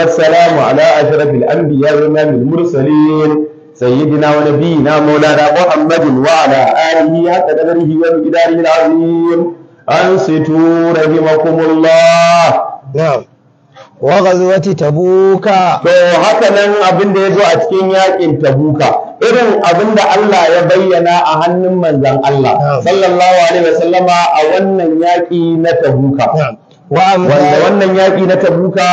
والسلام على أشرف الأنبياء والإمام المرسلين سيدنا ونبينا مولانا محمد وعلى آله حق قدره العظيم أنصتوا رحمكم الله نعم وغزوة تبوك to haka nan abin da ya zo a cikin yakin tabuka irin abin da Allah ya bayyana a hannun manzon Allah sallallahu alaihi wasallama a wannan yaƙi na wannan na tabuka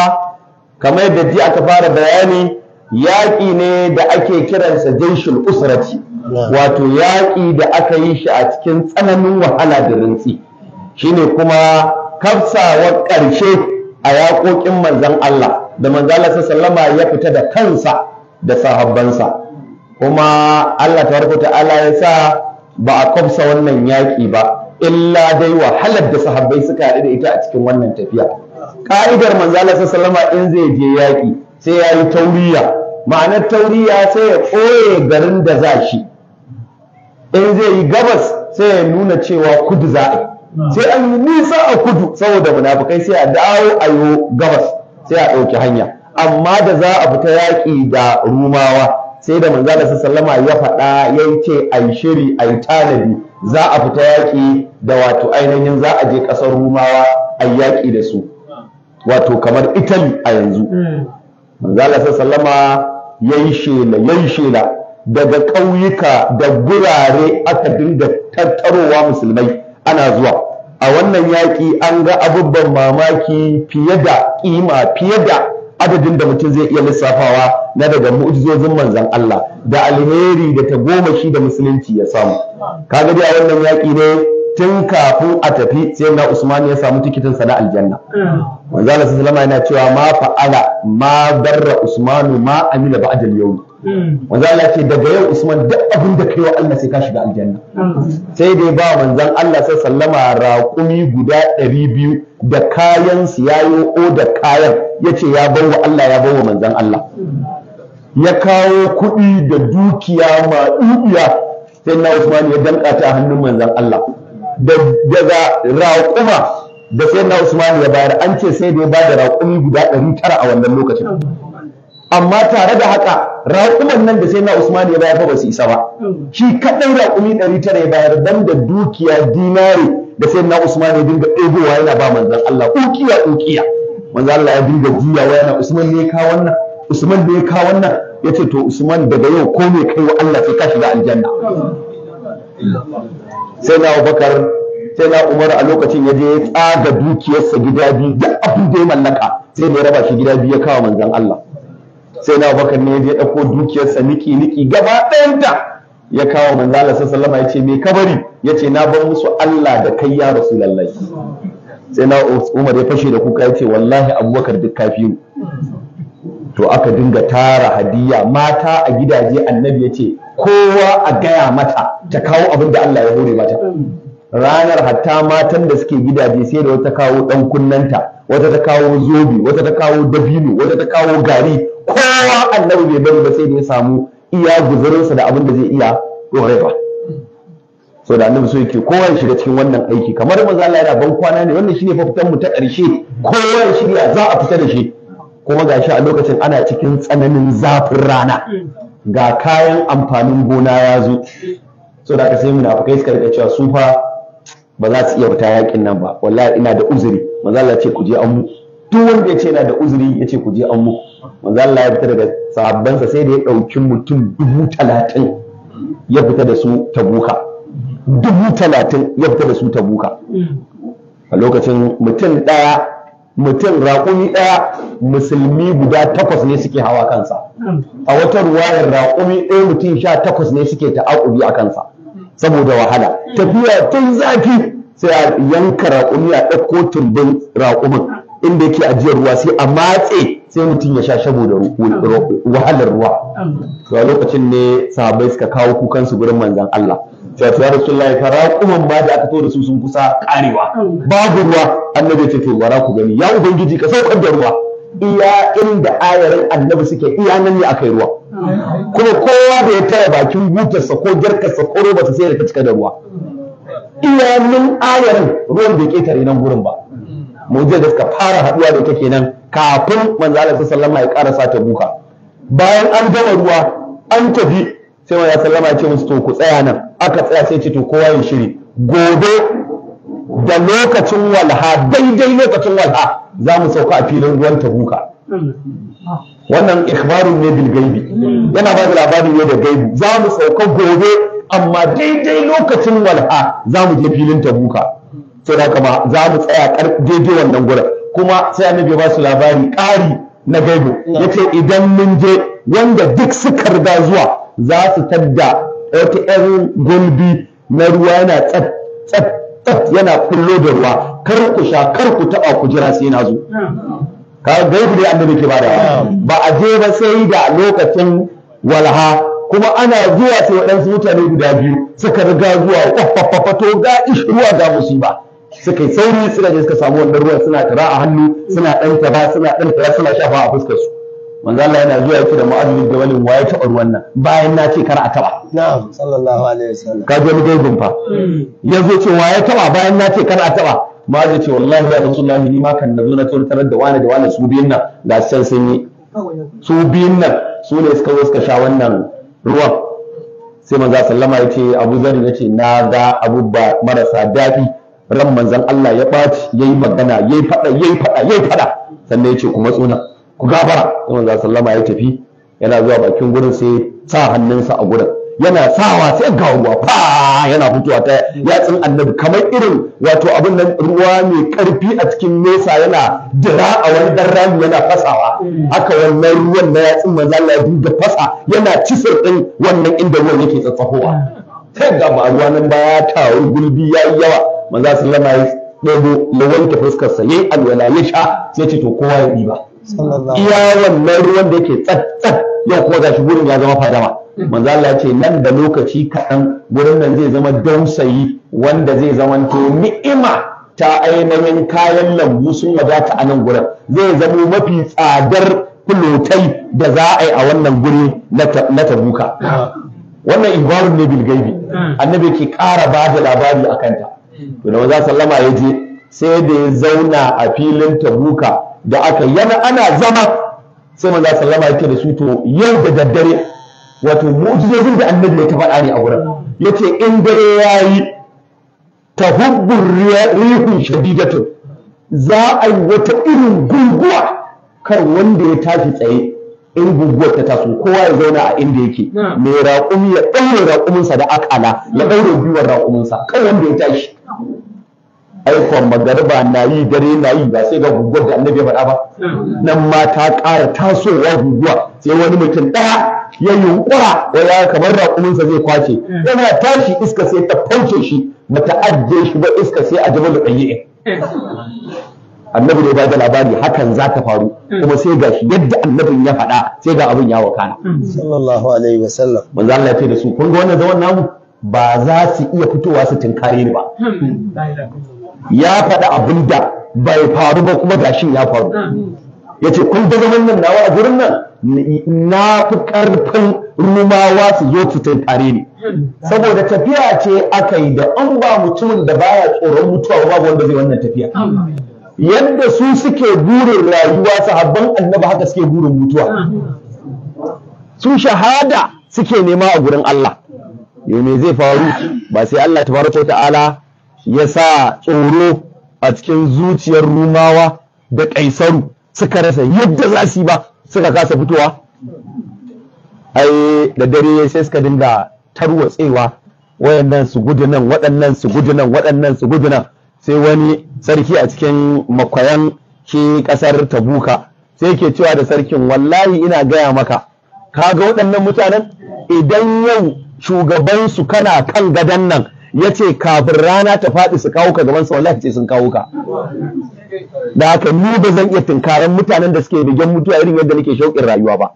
kamar yadda ji aka fara bayani yaƙi ne da ake kiransa jinshin usrati wato yaƙi da aka yi shi a cikin tsananin wahala da rintsi shine kuma kafsawa ƙarshe a yaƙoƙin manzan Allah da manzan Allah sallama ya fita da kansa da sahabbansa kuma Allah Ta ta ta'ala ya sa ba a kafsa wannan yaƙi ba illa dai wahalar da sahabbai suka haɗu da ita a cikin wannan tafiya ka'idar manzala sallama in zai je yaƙi sai ya yi tauriya ma'anar tauriya sai ya ɓoye garin da za shi in zai yi gabas sai ya nuna cewa kudu za a sai an yi nisa a kudu saboda munafukai sai a dawo a yi gabas sai a ɗauki hanya amma da za a fita yaƙi da rumawa sai da manzala sallama ya faɗa ya yi ce a yi shiri a yi tanadi za a fita yaƙi da wato ainihin za a je ƙasar rumawa a yaƙi da su wato kamar Italy a yanzu hmm. manzo Allah sallama yayi shela yayi shela daga ƙauyuka da gurare aka dinga tattarowa musulmai ana zuwa a wannan yaƙi an ga abubban mamaki fiye da ƙima fiye da adadin da mutum zai iya lissafawa na daga mu'jizozin manzan Allah da alheri da ta tagomashi da musulunci ya samu kaga dai a wannan yaƙi ne tun kafin a tafi sai na Usman ya samu tikitin sa na aljanna manzo Allah sallallahu yana cewa ma fa'ala ma darra Usmanu ma amila ba'da al-yawm manzo Allah ce daga yau Usman duk abin da kai wa Allah sai ka shiga aljanna sai dai ba manzon Allah sai sallama raƙumi guda 200 da kayan su yayo o da kayan yace ya bawa Allah ya bawa manzo Allah ya kawo kuɗi da dukiya ma dukiya sai na Usman ya danka ta hannun manzon Allah daga raƙuma da sai na Usman ya bayar an ce sai da ya bada raƙumi guda ɗari tara a wannan lokacin amma tare da haka raƙuman nan da sai na Usman ya bayar fa ba su isa ba shi kaɗai raƙumi ɗari tara ya bayar dan da dukiya dinare da sai na Usman ya dinga ɗebowa yana ba manzon Allah ukiya ukiya manzon Allah ya dinga juyawa yana Usman ne ya kawo wannan Usman ne ya kawo wannan yace to Usman daga yau ko me kai wa Allah sai ka shiga aljanna sai na abubakar sai na umar a lokacin ya je ya tsaga dukiyarsa gida biyu duk abin da ya mallaka sai da ya raba shi gida biyu ya kawo manzon Allah sai na abubakar ne ya je ɗauko dukiyarsa niki niki gaba ɗayanta ya kawo manzon Allah sallallahu ya ce me kabari ya ce na bar musu Allah da kai ya rasulullahi sai na umar ya fashe da kuka ya ce wallahi abubakar duk kafiru to aka dinga tara hadiya mata a gidaje annabi ya ce kowa a gaya mata ta kawo abin da Allah ya hore mata ranar hatta matan da suke gidaje sai da wata kawo dan kunnanta wata ta kawo zobi wata ta kawo dabino wata ta kawo gari kowa annabi bai bari ba sai da ya samu iya guzurinsa da abin da zai iya dorewa so da annabi so yake kowa ya shiga cikin wannan aiki kamar manzo Allah yana ban kwana ne wannan shine fafitan mu ta karshe kowa ya shirya za a fita da shi kuma gashi a lokacin ana cikin tsananin zafin rana ga kayan amfanin gona ya zo so da aka sai kai suka cewa su fa ba za su iya fita yakin nan ba wallahi ina da uzuri manzo Allah ce ku je an mu. duk wanda ya ce yana da uzuri yace ku je an mu. manzo Allah ya fita daga sa sai da ya ɗauki mutum dubu talatin ya fita da su tabuka dubu talatin ya fita da su tabuka a lokacin mutum daya mutum raƙumi ɗaya musulmi guda takwas ne suke hawa kansa a wata ruwayar raƙumi ɗaya mutum sha takwas ne suke ta'aƙubi a kansa saboda wahala tafiya tun zafi sai a yanka raƙumi a ɗauko turbin raƙumin inda yake ajiyar ruwa sai a matse sai mutum ya sha saboda wahalar ruwa to a lokacin ne sahabbai suka kawo kukan su gurin manzon Allah sai ya rasulullahi fa raƙumin ba da aka to su sun kusa karewa babu ruwa annabi ya ce to bara ku gani ya ubangiji ka saukar da ruwa iya inda ayarin annabi suke iya nan ne akai ruwa kuma kowa da ya taya bakin butarsa ko jarkarsa ko robarsa sai da ta cika da ruwa iya nan ayarin ruwan bai tare nan gurin ba Mu je da suka fara haduwa da ita nan kafin manzo Allah sallama ya karasa ta buka bayan an gama ruwa an tafi sai manzo sallama ya ce musu to ku tsaya nan aka tsaya sai ce to kowa ya shiri gobe da lokacin walha daidai lokacin walha za mu sauka a filin ruwan tabuka wannan ikhbarun ne bil gaibi yana ba da labarin ne da gaibi za mu sauka gobe amma daidai lokacin walha za mu je filin huka. sai da kama za mu tsaya daidai wannan gurin kuma sai annabi ba su labari ƙari na gaibi yace idan mun je wanda duk suka riga zuwa za su tadda wata 'yan gulbi na ruwa yana tsaf tsaf yana kullo da ruwa kar ku sha kar ku taɓa ku jira sai na zo ka ga yadda a annabi ke bada ba a je ba sai da lokacin walha kuma ana zuwa sai waɗansu mutane guda biyu suka riga zuwa kwafafafato ga ruwa ga musiba suka yi sauri suka je suka samu wannan ruwan suna tara a hannu suna ɗan taba suna ɗan tara suna shafa a fuskarsu. manzo Allah yana zuwa yake da Mu'adh bin Jabal wa ya taɓa ruwan nan bayan na ce kar a taɓa na'am sallallahu alaihi wasallam ka ji gaibin fa hmm. yazo ce wa ya taɓa bayan na ce kar a taɓa ma ya ce wallahi ya Rasulullah ni ma kan nazo na tarar da wani da wani su biyun nan da san sun yi su biyun nan su ne suka zo suka sha wannan ruwan sai manzo sallama ya ce Abu Zar ya ce na ga ba marasa daɗi ran manzon Allah ya ɓaci yayi magana yayi faɗa yayi faɗa yayi faɗa sannan ya ce kuma tsuna ku gafara sai manzo sallama ya tafi yana zuwa bakin gurin sai sa hannunsa a gurin yana sawa sai ga ruwa fa yana fitowa ta yatsun annabi kamar irin wato abin nan ruwa mai karfi a cikin nesa yana dira a wani dan rami yana fasawa haka wannan ruwan na yatsun manzo Allah ya duba fasa yana cisar din wannan inda ruwan yake tsatsafowa sai ga ba ruwa nan baya tawo gulbi yayi yawa manzo sallama ya ɗebo ya wanke sa yayi alwala ya sha sai ce to kowa ya diba iya wannan ruwan da yake tsattsat yau kuma gashi gurin ya zama fadama manzo Allah ce nan da lokaci kaɗan gurin nan zai zama dausayi wanda zai zama to ni'ima ta ainihin kayan lambu sun wadata a nan gurin zai zama mafi tsadar kulotai da za a yi a wannan guri na tabuka wannan ibarun ne bilgaibi annabi ke ƙara ba da labari a kanta to da maza sallama ya je sai da ya zauna a filin tabuka da aka yana ana zama sai manzo sallama yake da su to yau da daddare wato mu'jizozin da annabi ya faɗa ne a wurin yace in dare yayi tahubbur rihun shadidatu za a yi wata irin guguwa kar wanda ya tashi tsaye in guguwar ta taso kowa ya zauna a inda yake mai raƙumi ya ɗaure raƙuminsa da akala ya ɗaure gwiwar raƙuminsa kan wanda ya tashi aikon magarba na yi dare na yi ba sai ga guguwar da annabi ya faɗa ba hmm. nan ma ta ƙara tasowa guguwa sai wani mutum ɗaya ya yunƙura wa ya kamar raƙuminsa zai kwace hmm. yana tashi iska sai ta fauce shi mata ajiye shi ba iska sai a jibin da ɗanye hmm. annabi ne ba da labari hakan za ta faru kuma sai ga shi yadda annabin ya faɗa sai ga abin ya wakana sallallahu alaihi wasallam manzo Allah ya ce da su kun ga wannan zaman namu ba za su iya fitowa su tinkare ni ba ya faɗi abin da bai faru ba kuma gashin ya faru ya ce kun daga wannan nawa a gurin nan na fi ƙarfin rumawa su zo su tare ne saboda tafiya ce aka yi da an ba mutumin da baya tsoron mutuwa ba wanda zai wannan tafiya yadda su suke burin rayuwa sahabban annabi haka suke burin mutuwa su shahada suke nema a gurin Allah yau me zai faru ba sai Allah ta ta'ala ya sa tsoro a cikin zuciyar rumawa da ƙaisaru suka rasa yadda za su yi ba suka kasa fitowa ai da dare sai suka dinga tarwatsewa wayannan su gudu nan waɗannan su gudu nan waɗannan su gudu nan sai wani sarki a cikin makwayan ke ƙasar tabuka sai ke cewa da sarkin wallahi ina gaya maka Ka ga waɗannan mutanen idan yau shugabansu kana kan gadon nan ya ce kafin rana ta faɗi su kawo ka gaban sa wallahi ce sun kawo ka da haka ni ba zan iya tunkaran mutanen da suke bigen mutuwa irin yadda nake shauƙin rayuwa ba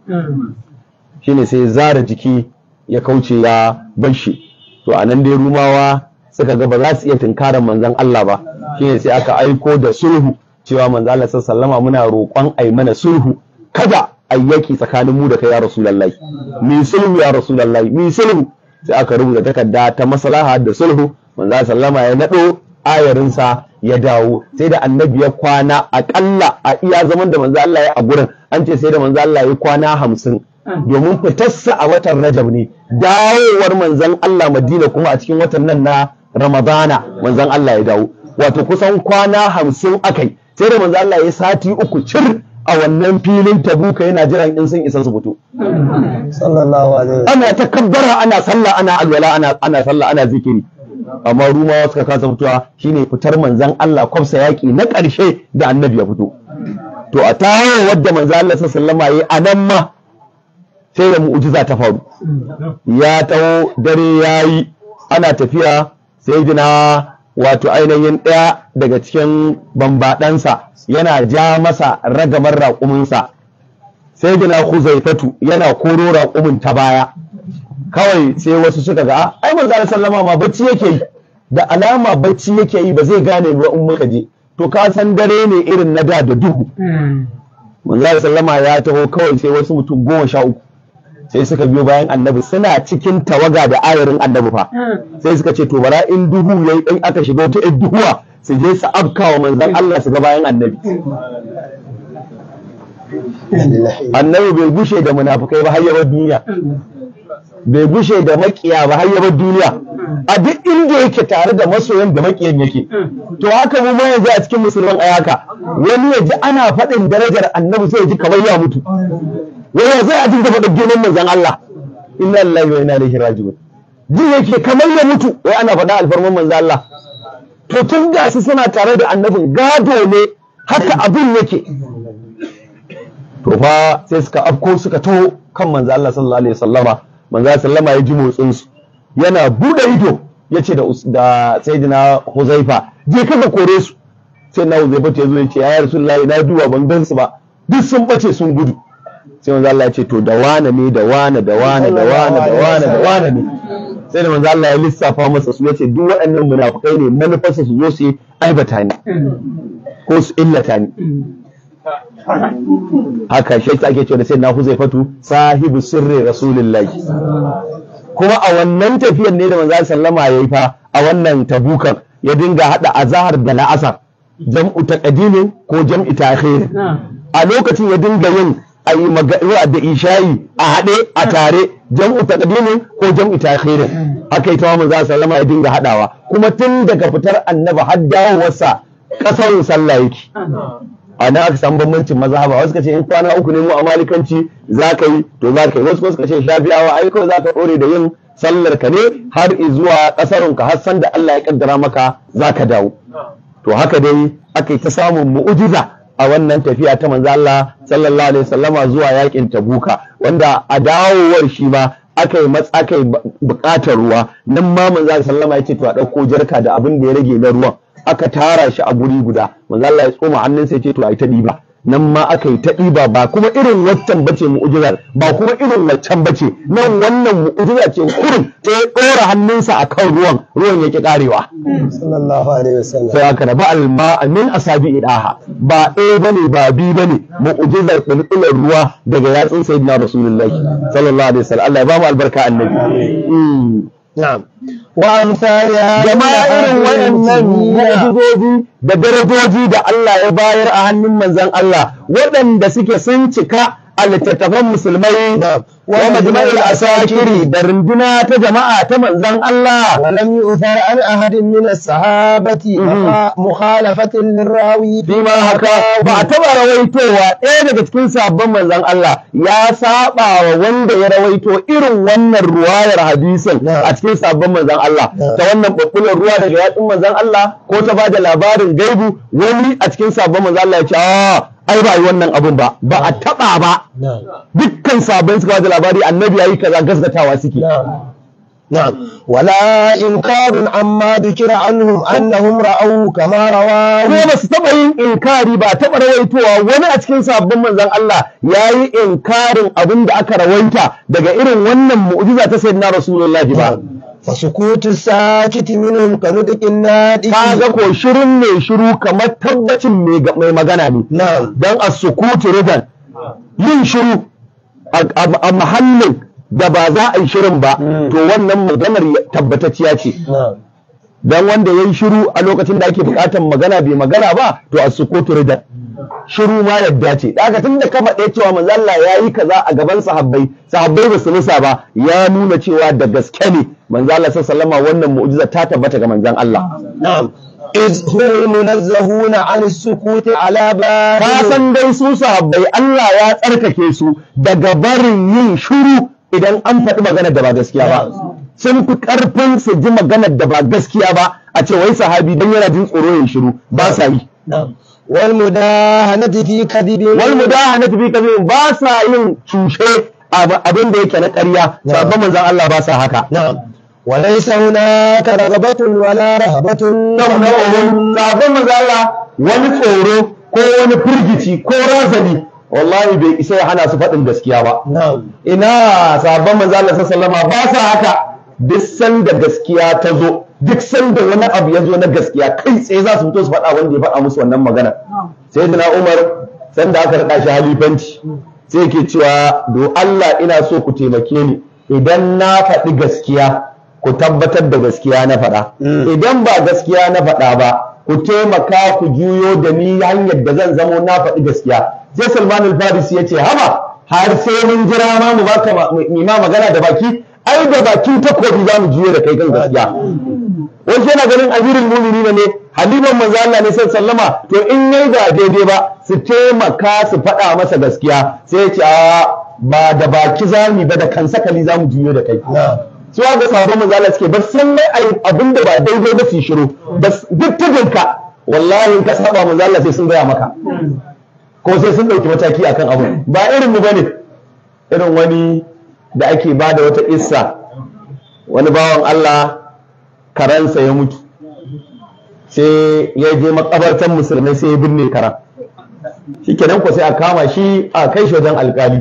shine sai zara jiki ya kauce ya barshi to anan dai rumawa suka ga ba za su iya tunkaran manzon Allah ba shine sai aka aiko da sulhu cewa manzon Allah sallama muna roƙon ai mana sulhu kada ayyaki tsakanin mu da kai ya rasulullahi min sulhu ya rasulullahi min sulhu sai aka rubuta takarda ta maslaha da sulhu manzo sallama ya nado ayarinsa ya dawo sai da annabi ya kwana aƙalla a iya zaman da manzo Allah ya a gurin an ce sai da manzo Allah ya kwana hamsin domin fitarsa a watan Rajab ne dawowar manzon Allah Madina kuma a cikin watan nan na Ramadana manzon Allah ya dawo wato kusan kwana hamsin akai sai da manzo Allah ya sati uku cir a wannan filin tabuka yana jiran in sun isa su fito sallallahu alaihi ana ta ana sallah ana alwala ana ana sallah ana zikiri amma rumawa suka kasa fitowa shine fitar manzan Allah kwafsa yaki na ƙarshe da annabi ya fito to a tawo wadda manzan Allah sallallahu alaihi a nan ma sai da mu'ujiza ta faru ya taho dare yayi ana tafiya sai jina wato ainihin ɗaya daga cikin bambaɗansa yana ja masa ragamar raƙuminsa sai gina huzaifatu yana koro raƙumin ta baya kawai sai wasu suka ga ah, ai manzo sallama ma bacci yake yi da alama bacci yake yi ba zai gane ba in muka je to ka san dare ne irin na da da duhu hmm. manzo sallama ya taho kawai sai wasu mutum goma sha uku sai suka biyo bayan annabi suna cikin tawaga da ayarin annabi fa hmm. sai suka ce to bara in duhu yayi dan aka shiga wata duhuwa su je su afkawa manzon Allah su ga bayan annabi annabi bai gushe da munafukai ba har yabar duniya bai gushe da makiya ba har yabar duniya a duk inda yake tare da masoyan da makiyan yake to haka mu ma yanzu a cikin musulman ayaka wani ya ji ana faɗin darajar annabi sai ya ji kamar ya mutu waya zai a dinga faɗa girman manzan Allah inna yi wa inna ilaihi raji'un ji yake kamar ya mutu wai ana faɗa alfarman manzan Allah to tun ga su suna tare da annabin gado ne haka abin yake to fa sai suka afko suka taho kan manzan Allah sallallahu alaihi wasallama manzon sallama ya ji motsinsu. yana buɗe ido yace da da sayyidina Huzaifa je ka kore su sai na Huzaifa ya zo ya ce ya rasulullahi na duwa ban gan ba duk sun bace sun gudu sai manzo Allah ya ce to da wane ne da wane da wane da wane da wane da wane ne sai da manzo Allah ya lissafa masa su yace duk waɗannan munafukai ne manufarsa su zo su aibata ne ko su illata ne. haka shi ake cewa da sai na fatu sahibu sirri rasulullahi kuma a wannan tafiyar ne da manzo sallama yayi fa a wannan tabukan ya dinga hada azhar da la'asar jam'u taqdimin ko ta ta'khir a lokacin ya dinga yin a yi magana da ishayi a haɗe a tare jam'u taqdimin ko jam'u Aka yi ta wamin za sallama ya dinga haɗawa kuma tun daga fitar annabi har dawowarsa kasarun sallah yake a nan aka samu bambancin mazhaba wasu kace in kwana uku ne mu a malikanci za ka yi to za ka yi wasu kace shafi'awa ai kawai za ka ɗore da yin sallar ka ne har zuwa ƙasarinka har san da Allah ya kaddara maka za ka dawo to haka dai aka yi ta samun mu'ujiza a wannan tafiya ta manzo Allah sallallahu alaihi wasallama zuwa yakin Tabuka wanda a dawowar shi ma aka yi matsa aka buƙatar ruwa nan ma manzo Allah sallama ya ce to a ɗauko jarka da abin da ya rage na ruwan aka tara shi a guri guda manzo Allah ya tsoma hannunsa ya ce to a ta ɗiba nan ma aka yi ta ɗiba ba kuma irin waccan bace mu'ujizar ba kuma irin waccan bace nan wannan mu'ujiza ce kurin ta ya ɗora hannunsa a kan ruwan ruwan yake ƙarewa sai aka raba alma min asabi idaha ba ba ne ba biyu ne. mu'ujizar ɗulɗular ruwa daga yatsun sayyidina rasulullahi sallallahu alaihi wasallam Allah ya ba mu albarka annabi Gama irin waɗannan da darajoji da Allah ya bayar a hannun manzon Allah waɗanda suke sun cika a littattafan musulmai wa majma'il asakiri da runduna ta jama'a ta manzon Allah wa lam yu'thar an ahadin min as-sahabati mhm. mukhalafatin lirawi bima haka ba ta rawaitowa ɗaya daga cikin sabon manzon Allah ya saba wa wanda ya rawaito irin wannan ruwayar hadisin a cikin sabon manzon Allah ta wannan babbulan ruwa daga yatsun manzon Allah ko ta bada labarin gaibu wani a cikin sabon manzon Allah ya ce ah, ai ba yi wannan abun ba ba a taba ba dukkan sabon suka wata labari annabi ya yi kaza gaskatawa suke na'am wala inkarun amma dukira anhum annahum ra'aw kama rawa ko ba su taba yin inkari ba taba rawaitowa wani a cikin sabon manzon Allah yayi inkarin abin da aka rawaita daga irin wannan mu'jiza ta na rasulullahi ba fasukutu sakiti minhum ka nutqin nadi kaga ko shirin ne shiru kamar tabbacin mai magana ne dan asukutu sukutu ridan yin shiru a mahallin da ba za a yi shirin ba hmm. to wannan maganar tabbatacciya ce dan wanda yayi shiru a lokacin da ake bukatar magana bai magana ba to asukutu sukutu ridan shiru ma yadda ce daga tun da ka faɗe cewa manzo Allah ya yi kaza a gaban sahabbai sahabbai ba su musa ba ya nuna cewa da gaske ne manzo Allah sallallahu alaihi wannan mu'jiza ta tabbata ga manzon Allah na'am iz hum munazzahuna an sukut ala ba ka san dai su sahabbai Allah ya tsarkake su daga barin yin shiru idan an faɗi magana da ba gaskiya ba sun fi karfin su ji maganar da ba gaskiya ba a ce wai sahabi dan yana jin tsoro yin shiru ba sa yi wal mudahanati fi kadhibin wal mudahanati fi kadhibin ba sa yin cushe abin da yake na ƙarya sabon manzon Allah ba sa haka وليس هناك رغبة ولا رهبة نمنعهم sabon manzon Allah wani tsoro ko wani firgici ko razali wallahi bai isa ya hana su faɗin gaskiya ba ina sabon manzon Allah sallallahu ba sa haka duk sanda gaskiya ta zo duk sanda wani abu ya zo na gaskiya kai tsaye za su fito su faɗa wanda ya faɗa musu wannan magana sai na umar sanda aka raɗa shi halifanci sai ke cewa do Allah ina so ku taimake ni idan na faɗi gaskiya ku tabbatar da gaskiya na faɗa idan ba gaskiya na faɗa ba ku taimaka ku juyo da ni hanyar da zan zamo na faɗi gaskiya sai Salman al-Farisi ya ce haba har sai mun jira ma mu baka ma magana da baki ai da bakin takobi za mu juyo da kai kan gaskiya wasu yana ganin amirul mu'minin ne haliman manzo Allah ne sallama to in yayi ba daidai ba su taimaka su faɗa masa gaskiya sai ya ce a ba da baki zami ba da kansakali zamu juyo da kai su ga sahabban manzo Allah suke ba san mai abin da ba daidai ba su shiru duk tudunka wallahi ka saba manzo sai sun gaya maka ko sai sun dauki mataki akan abu ba irin mu bane irin wani da ake bada wata issa wani bawan Allah karansa ya mutu sai ya je makabartan musulmai sai ya binne karan shi kenan ku sai a kama shi a kai shi wajen alkali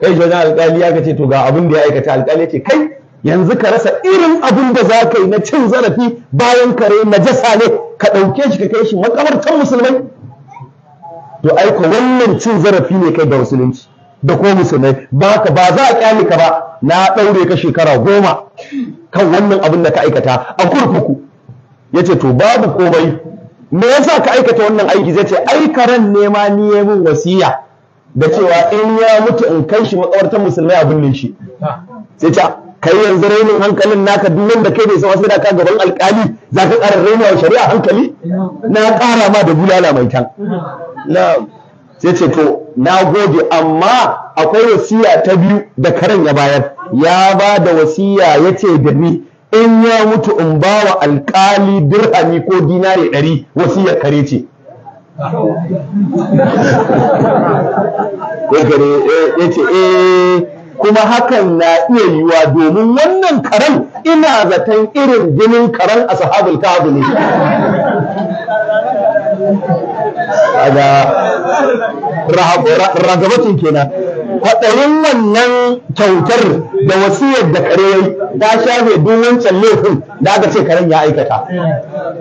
kai shi wajen alkali ya kace to ga abin da ya aikata alkali ya ce kai yanzu ka rasa irin abin da za ka yi na cin zarafi bayan kare najasa ne ka ɗauke shi ka kai shi makabartan musulmai to aiko wannan cin zarafi ne kai ga musulunci da ko musulmai ba ka ba za a kyale ka ba na ɗaure ka shekara goma kan wannan abin da ka aikata a kurkuku ya ce to babu komai me yasa ka aikata wannan aiki zai ce ai karen nema ni yamin wasiya da cewa in ya mutu in kai shi makabartar musulmai a binne shi sai ta kai yanzu rainin hankalin naka duk nan da kai bai san wasu da ka gaban alkali za ka ƙara shari'a hankali na ƙara ma da bulala mai tan sai ce to na gode amma akwai wasiya ta biyu da karen ya bayar ya ba da wasiya ya ce da in ya mutu in ba wa alkali dirhami ko dinari ɗari wasiya kare ce eh, ya ce eh kuma hakan na iya yiwa domin wannan karen ina zaton irin jinin karen a sahabul abu ne ga ragabatin kenan kwaɗayin wannan kyautar da wasiyar da kare ta shafe duk wancan laifin da aka ce karen ya aikata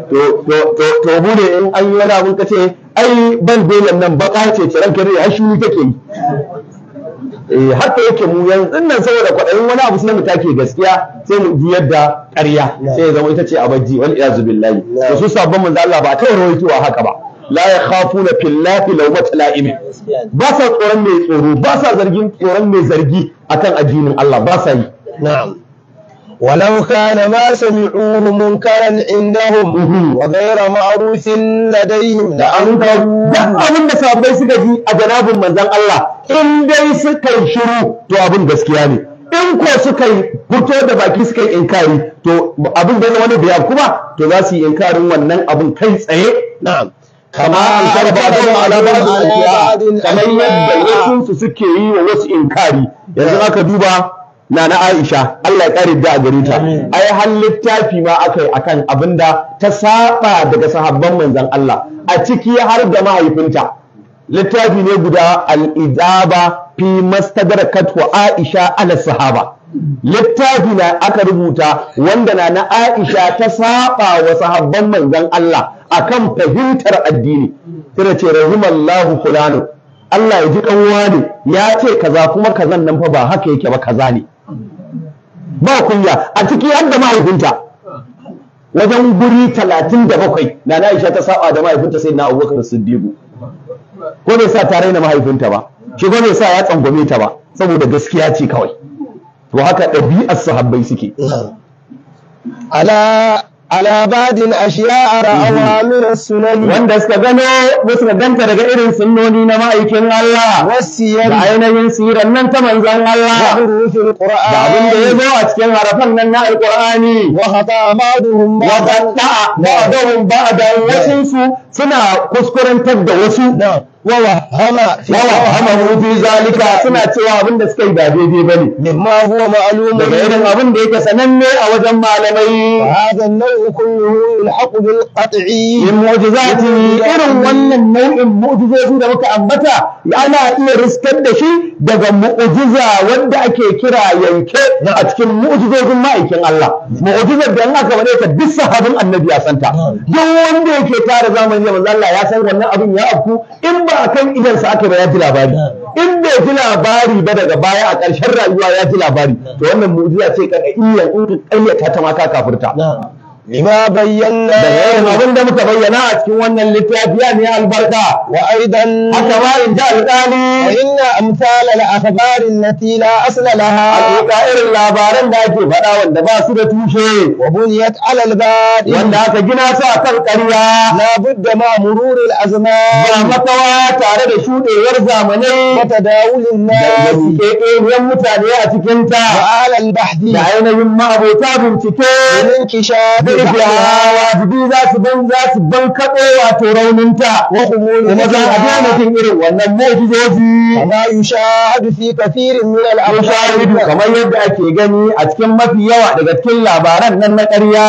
to to bude in an yi wani abin ka ce ai ban dolan nan baka ce ciran kare ya shuru take yi eh, haka yake mu yanzu nan saboda kwaɗayin wani abu suna mu take gaskiya sai mu ji yadda ƙarya sai ya zama ita ce wani iya zubin ya da su sabon manzo Allah ba ta rawaitowa haka ba la ya khafu na fillahi lawmat la'im ba sa tsoron mai tsoro ba sa zargin tsoron mai zargi akan addinin Allah ba sa yi na'am ma ولو كان ما سمعوه منكرا عندهم Da an لديهم Da abin da sabai suka ji a janabin manzon Allah in dai suka yi shiru to abin gaskiya ne in ko suka yi gurto da baki suka yi inkari to abin da wani bai kuma to za su yi inkarin wannan abin kai tsaye na'am kama yadda suke yi wa wasu inkari yanzu aka duba na na Aisha Allah ya kare da a gare ta ai har littafi ma akai akan abinda ta saba daga sahabban manzon Allah a ciki har da mahaifinta littafi ne guda al-idaba fi mastadrakat wa Aisha ala sahaba littafi na aka rubuta wanda na na Aisha ta saba wa sahabban manzon Allah akan fahimtar addini tana ce rahimallahu fulano Allah ya ji kanwa ne ya ce kaza kuma kazan nan fa ba haka yake ba kaza ne ba kunya a ciki har da mahaifinta wajen guri talatin da bakwai na Aisha ta saba da mahaifinta sai na abubakar siddiqu ko bai sa tare da mahaifinta ba shi ko bai sa ya tsangwame ta ba saboda gaskiya ce kawai to haka ɗabi'ar sahabbai suke ala ala badin ashiya ra'awa min sunan wanda suka gano suka ganta daga irin sunnoni na ma'aikin Allah wasiyar da ainihin siran nan ta manzon Allah hurufin qur'an da abin da yazo a cikin harafan nan na alqur'ani wa hata ba'dhum wa qata ba'dhum ba'dan wasu suna kuskurantar da wasu ووهمه في ذلك suna cewa abin da suka yi ba daidai bane mimma huwa ma'lum daga irin abin da yake sananne a wajen malamai hadha an-naw'u kulluhu al bil qat'i min mu'jizati irin wannan nau'in mu'jizozi da muka ambata ana iya riskar da shi daga mu'jiza wanda ake kira yanke a cikin mu'jizozin ma'aikin Allah mu'jizar da in aka bane duk sahabin annabi ya santa duk wanda yake tare zamani da manzo Allah ya san wannan abin ya afku in ba ba a kan idansa aka ba ya ji labari in bai ji labari ba daga baya a ƙarshen rayuwa ya ji labari to wannan mu'jiza ce kada iya in ka ne ta maka ka kafirta lima bayyana abin da muka bayyana a cikin wannan littafiya ne albarka wa aidan haka ma in ji alƙali wa inna amsal al akhbar allati la asla laha hakika irin labaran da ake faɗa wanda ba su da tushe wa buniyat ala al wanda aka gina su kan karya. Na budda ma murur al azman ba tare da shudewar zamanai matadawulin nasi ke ɗoriyar mutane a cikin ta wa ala al bahdi da ainihin ma'abota bincike min kishab islaha wajibi za su ban za su ban kaɗo wato rauninta kuma za a daina kin irin wannan mu'jizoji kama yushahadu fi kathirin min al-amshahidu kamar yadda ake gani a cikin mafi yawa daga cikin labaran nan na ƙarya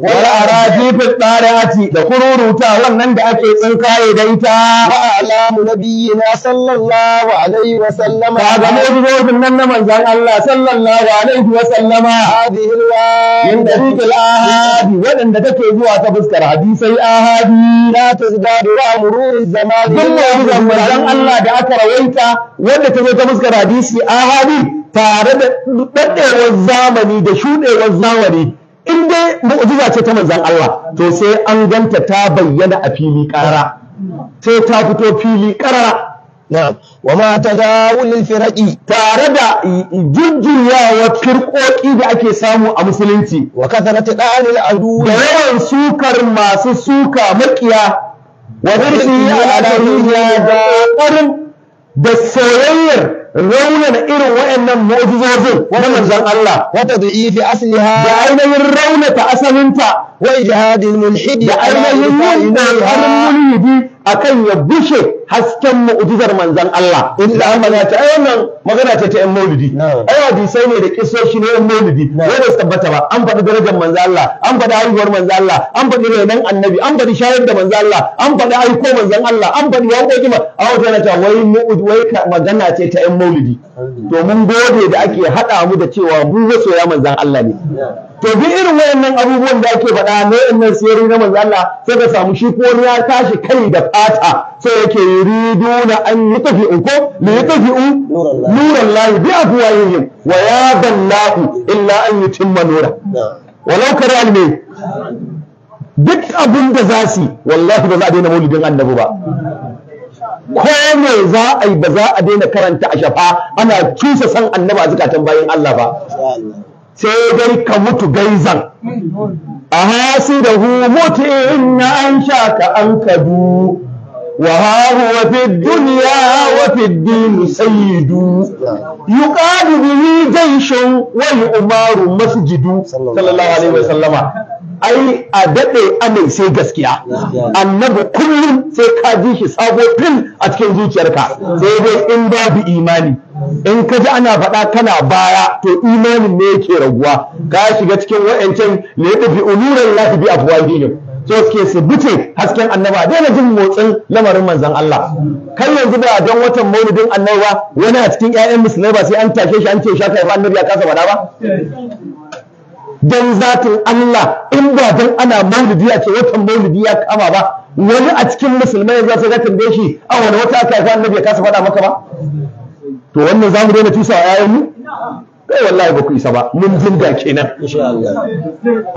wal arajifin tsariati da kururuta wannan da ake tsinkaye da ita wa alamu nabiyina sallallahu alaihi wa sallama kaga mu'jizojin nan na manzon Allah sallallahu alaihi wa sallama hadhihi al-ayat min dariqil ahad ahadi waɗanda take zuwa ta fuskar hadisai ahadi la tazdadu wa mururi zamani duk mawuzan manzon Allah da aka rawaita wanda ta ta fuskar hadisi ahadi tare da daddewar zamani da shudewar zamani in dai mu'jiza ce ta manzon Allah to sai an ganta ta bayyana a fili ƙara sai ta fito fili ƙara wa ma tadawul firaqi tare da jujjuyawa firqoki da ake samu a musulunci wa kathratu da'anil adu da yawan sukar masu suka makiya wa dirsi da qarin da soyayyar raunana irin waɗannan mu'jizozin na manzon Allah wata da da raunata asalinta wa mulhidi da akan ya bushe hasken mu'jizar manzan Allah illa amma ya ta ai magana ce ta yan maulidi ai sai ne da kisoshi ne yan maulidi wai ba tabbata ba an faɗi darajar manzan Allah an faɗi haihuwar manzan Allah an faɗi renon annabi an faɗi shayar da manzan Allah an faɗi aiko manzan Allah an faɗi waƙoƙi ma a wata na ta wai magana ce ta yan maulidi to mun gode da ake haɗa mu da cewa mu masoya manzan Allah ne to bi irin wayannan abubuwan da ake faɗa na nan sirri na manzan Allah sai ka samu shi ko ya tashi kai da fata sai yake na an yutafi'u ko li u, nuran lahi bi afwahihim wa ya dallahu illa an yutimma nura walau kare alme duk abin da za wallahi ba za a daina maulidin annabi ba ko me za a yi ba za a daina karanta a shafa ana cusa san annaba a zukatan bayan Allah ba sai dai ka mutu gaizan a hasi da hu mutu inna an sha ka an kadu وها هو في الدنيا وفي الدين سيد يقال به جيش ويؤمر مسجد صلى الله عليه وسلم ai a daɗe amai sai gaskiya annabi kullum sai ka ji shi sabo a cikin zuciyarka sai dai in babu imani in ka ji ana faɗa kana baya to imanin ne yake raguwa ka shiga cikin wa'ancan ne ya tafi unuran lafi bi afwajihim so su buce hasken annaba daina jin motsin lamarin manzan Allah kai yanzu ba don watan maulidin annabi ba wani a cikin ƴaƴan musulmai ba sai an tashe shi an ce shaka ba annabi ya kasa faɗa ba dan zatin Allah in ba dan ana maulidi a ce watan maulidi ya kama ba wani a cikin musulmai za su ga tambaye shi a wani wata aka yi annabi ya kasa faɗa maka ba to wannan zamu daina tusa a mu kai eh, wallahi ba ku isa ba mun dinga kenan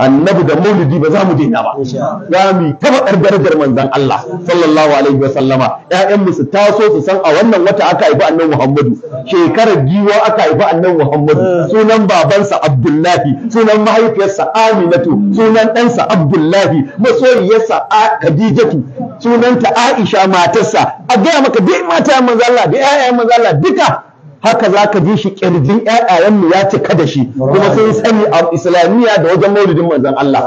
annabi da maulidi ba za mu daina ba ya mi ta darajar manzon Allah sallallahu alaihi wa sallama ƴaƴan mu su taso su san a wannan wata aka haifi annabi Muhammadu shekarar giwa aka haifi annabi Muhammadu eh. sunan babansa Abdullahi sunan mahaifiyarsa Aminatu sunan ɗansa Abdullahi masoyiyarsa Khadijatu sunanta Aisha matarsa a ga maka duk mata manzon Allah da ƴaƴan manzon Allah duka haka za ka ji shi ƙirjin ‘ya'yayenmu ya cika da shi kuma sun sani a islamiyya da wajen maulidin manzon Allah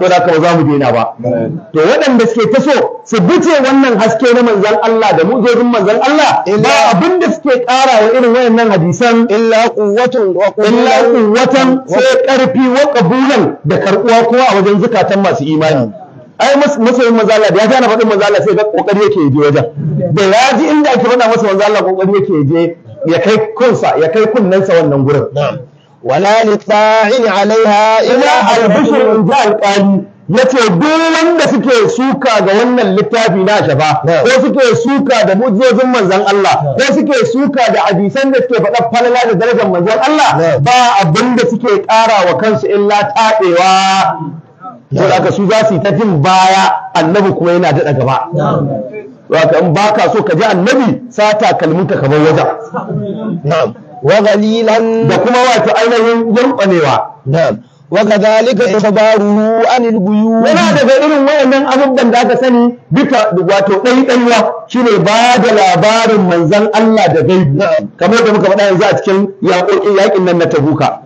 to da ba za mu daina ba to waɗanda suke ta so su bice wannan haske na manzon Allah da mu'jizin manzon Allah ba abin da suke karawa irin wayannan hadisan illa quwwatan illa quwwatan sai ƙarfi wa qabulan da karɓuwa kowa a wajen zakatan masu imani ai masoyin Allah da ya gane faɗin Allah sai ga kokari yake je wajen da ya inda ake faɗa masa Allah kokari yake je ya kai kunsa ya kai kunnensa wannan gurin wala li alaiha ila al-bushr al yace duk wanda suke suka ga wannan littafi na shafa ko suke suka da mujizozin manzon Allah ko suke suka da hadisan da suke faɗa falala da darajar manzon Allah ba abin da suke ƙara wa kansu illa taɗewa saboda su za su yi ta jin baya annabi kuma yana daɗa gaba Waka in baka so ka ji annabi sa kalmunta kamar wajen. Na'am. Wa galilan. Da kuma wato ainihin yanƙwanewa. Na'am. Wa kadhalika tabaru anil buyu. Yana da irin wayannan abubuwan da aka sani bita wato dan ɗanwa shine ba da labarin manzon Allah da gaibi. Kamar da muka faɗa yanzu a cikin yaƙoƙin yaƙin nan na Tabuka.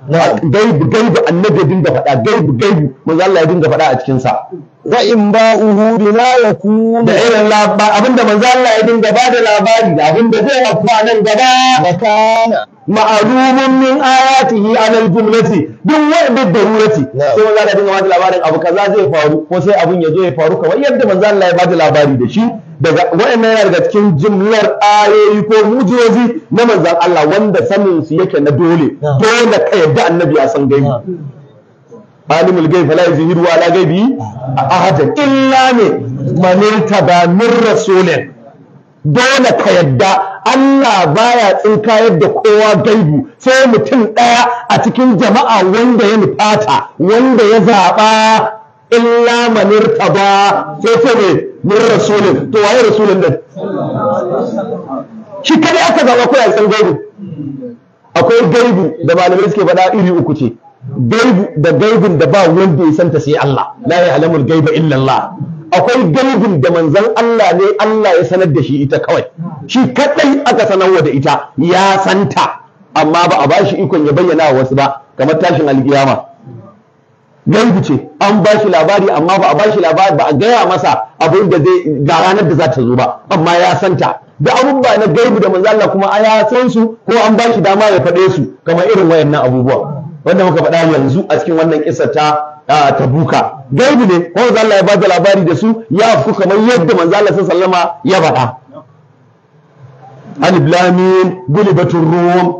Gaibi gaibi annabi da faɗa gaibi gaibi manzon Allah ya dinga faɗa a cikin sa. wa in ba uhu na ya kuna da irin labar abinda manzo Allah ya dinga ba da labari da abinda zai a nan gaba da kana ma'alumun min ayatihi alal jumlati duk wanda darurati sai manzo Allah dinga ba da labarin abu kaza zai faru ko sai abun ya zo ya faru kamar yadda manzo Allah ya ba da labari da shi daga wa'annan yana daga cikin jimlar ayoyi ko mujizozi na manzan Allah wanda sanin su yake na dole dole ka yadda annabi ya san gaibi alimul gaib fala yuzhiru ala a hajjar illa ne manilta ba min rasulin dole ka yadda Allah baya tsinkayar da kowa gaibu sai mutum ɗaya a cikin jama'a wanda ya nufata wanda ya zaɓa illa manirta ba sai sai ne min rasulin to waye rasulin da shi kadai aka zaɓa ko ya gaibu akwai gaibu da malamai suke faɗa iri uku ce da gaibin da ba wanda ya santa sai Allah la alamul gaiba illa akwai gaibin da manzon Allah ne Allah ya sanar da shi ita kawai shi kadai aka sanar wa da ita ya santa amma ba a bashi ikon ya bayyana wa wasu ba kamar tashin alkiyama gaibi ce an ba labari amma ba a bashi labari ba a gaya masa abin da zai ga ranar da za ta zo ba amma ya santa da abubuwa na gaibi da manzon Allah kuma a ya san su ko an bashi dama ya faɗe su kamar irin wayannan abubuwa wanda muka faɗa yanzu a cikin wannan kisa ta tabuka gaibu ne ko manzo Allah ya bada labari da su ya afku kamar yadda manzo Allah sallama ya faɗa alif lam mim gulibatur rum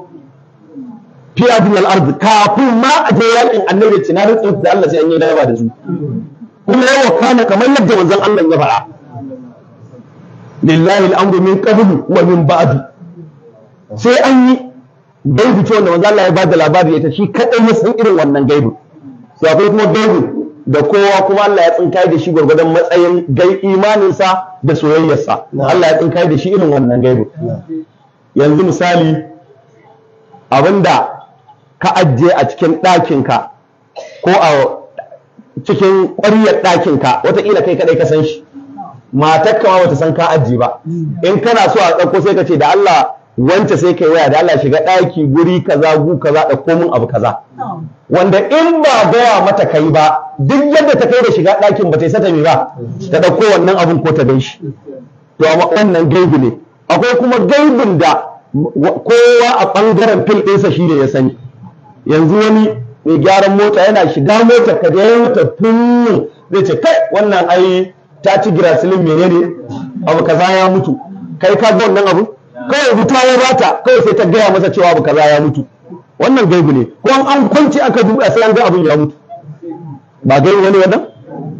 fi al ard kafin ma a je yakin annabi ce na rutsu da Allah sai an yi daba da su kuma yawa kana kamar yadda manzo Allah ya faɗa lillahi al-amru min qablu wa min ba'du sai an yi gaibu ce wanda manzo Allah ya da labari ita shi kaɗai ya san irin wannan gaibu to akwai kuma gaibu da kowa kuma Allah ya tsinkai da shi gwargwadon matsayin gai imaninsa da soyayyarsa Allah ya tsinkai da shi irin wannan gaibu yanzu misali abinda ka ajiye a cikin ɗakinka ko a cikin ƙwaryar ɗakinka wataƙila kai kaɗai ka san shi matakka ma bata san ka ajiye ba mm. in kana so a ɗauko sai ka ce da Allah wance sai ka yi da Allah shiga ɗaki guri kaza gu kaza da komin abu kaza wanda in ba gaya mata kai ba duk yadda ta kai da shiga ɗakin ba ta yi sata mai ba ta ɗauko wannan abun ko ta ganshi to amma wannan gaibi ne akwai kuma gaibin da kowa a bangaren fil ɗinsa shi ne ya sani yanzu wani mai gyaran mota yana shiga mota ka da mota tun zai ce kai wannan ai ta ci girasilin menene abu kaza ya mutu kai ka ga wannan abu kawai wuta ya bata kawai sai ta gaya masa cewa abu kaza ya mutu wannan gaibu ne ko an kwanci aka duba sai an ga abin ya mutu ba gaibu wani wannan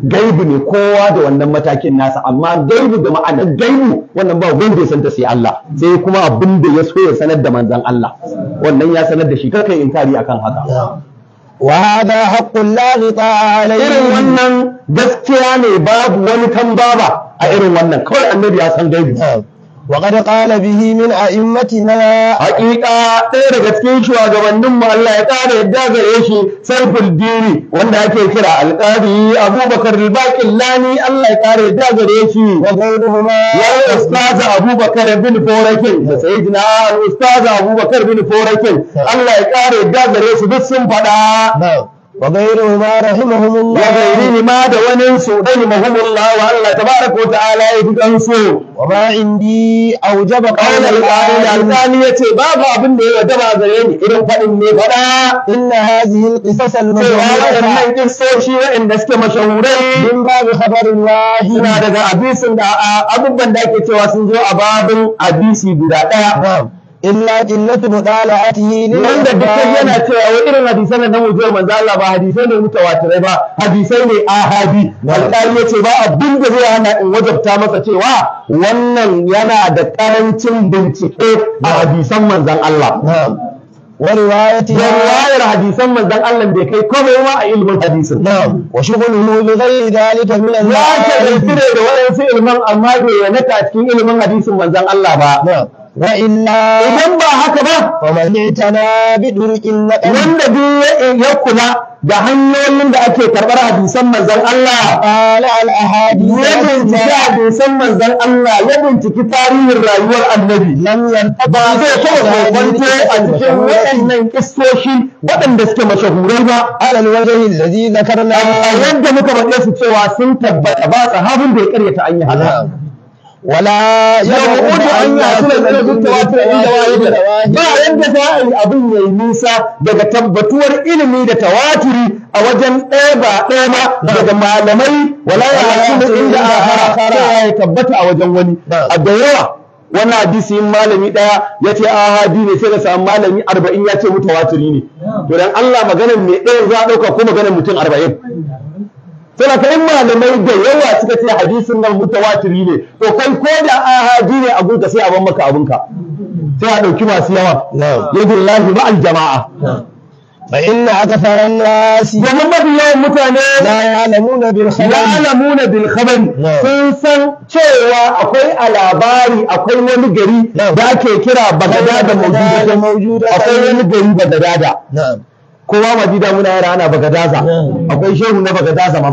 gaibu ne kowa da wannan matakin nasa amma gaibu da ma'anar gaibu wannan ba wanda ya san ta sai Allah sai kuma abin da ya so ya sanar da manzon Allah wannan ya sanar da shi kar kai inkari akan haka wa hada haqqul la alayhi irin wannan gaskiya ne babu wani baba a irin wannan kawai annabi ya san gaibu وقد قال به من أئمتنا حقيقة تيرا كتكين شو أجوان نم الله يتعالى يدعى إيشي سيف الدين وانا أكي كرا القاضي أبو بكر الباك اللاني الله يتعالى يدعى إيشي وغيرهما يا أستاذ أبو بكر بن فوركين سيدنا الأستاذ أبو بكر بن فوركين الله يتعالى يدعى إيشي بس فدا نعم وغيرهما رحمهم الله وغيرهما دوننسو رحمهم الله والله تبارك وتعالى يتدنسو وما عندي أوجب قول القائل الثانية باب أبن دي وجبع زيني إذن فإني فدا إن هذه القصص المشهورة إن القصة شيء إن دسك مشهورة من باب خبر الله إن هذا أبيس أبو بندك تواسنجو أباب أبيسي بدا illa jinnatu mudala'atihi ne wanda duk yana cewa wai irin hadisan nan mujiyar manzo Allah ba hadisai ne mutawatir ba hadisai ne ahadi alƙali yace ba abin da zai hana in wajabta masa cewa wannan yana da karancin bincike a hadisan manzon Allah وروايته ورواية الحديث من ذن الله بكي كم هو علم الحديث نعم وشغله بغير ذلك من الناس لا تغفر ولا يسئل من أما ينكت في علم الحديث من ذن الله نعم wa idan ba haka ba wa bi wanda duk ya kula da hanyoyin da ake karɓar hadisan manzon Allah ala al ahadi ya binciki hadisan manzon Allah ya binciki tarihin rayuwar annabi ba zai taɓa kwanto a cikin waɗannan kissoshi waɗanda suke mashahurai ba ala wajen lazi zakarna yadda muka faɗe su cewa sun tabbata ba sahabin da ya karyata an yi halal wala ya an ya tuna da tattawatir inda wahida ba yadda za a yi abin yayi nisa daga tabbatuwar ilimi da tawaturi a wajen ɗaya ba ɗaya ma daga malamai wala ya tuna inda ahara ya tabbata a wajen wani a da yawa wannan hadisi in malami ɗaya, ya ce ahadi ne sai da samu malami arba'in ya ce mutawatiri ne to dan Allah maganar mai ɗaya za a ɗauka ko maganar mutum arba'in ka kai malamai da yawa suka ce hadisin nan mutawatiri ne to kai ko da ahadi ne a gunka sai a ban maka abinka sai a ɗauki masu yawa lafi ba jama'a fa inna akthara an-nas domin mafi yawan mutane la ya'lamuna bil khabar ya'lamuna bil khabar sun san cewa akwai alabari akwai wani gari da ake kira bagadada mawjuda akwai wani gari bagadada na'am kowa madina muna yara ana bagadaza akwai shehu na bagadaza ma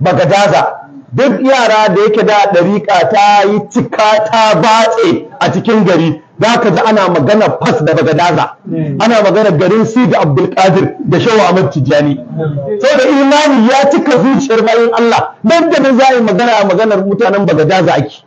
bagadaza duk yara da yake da ɗariƙa ta yi cika ta batse a cikin gari za ka ji ana magana fas da bagadaza ana magana garin si da abdulkadir da shehu ahmad tijjani saboda imani ya cika zuciyar bayan allah nan da za a yi magana a maganar mutanen bagadaza ake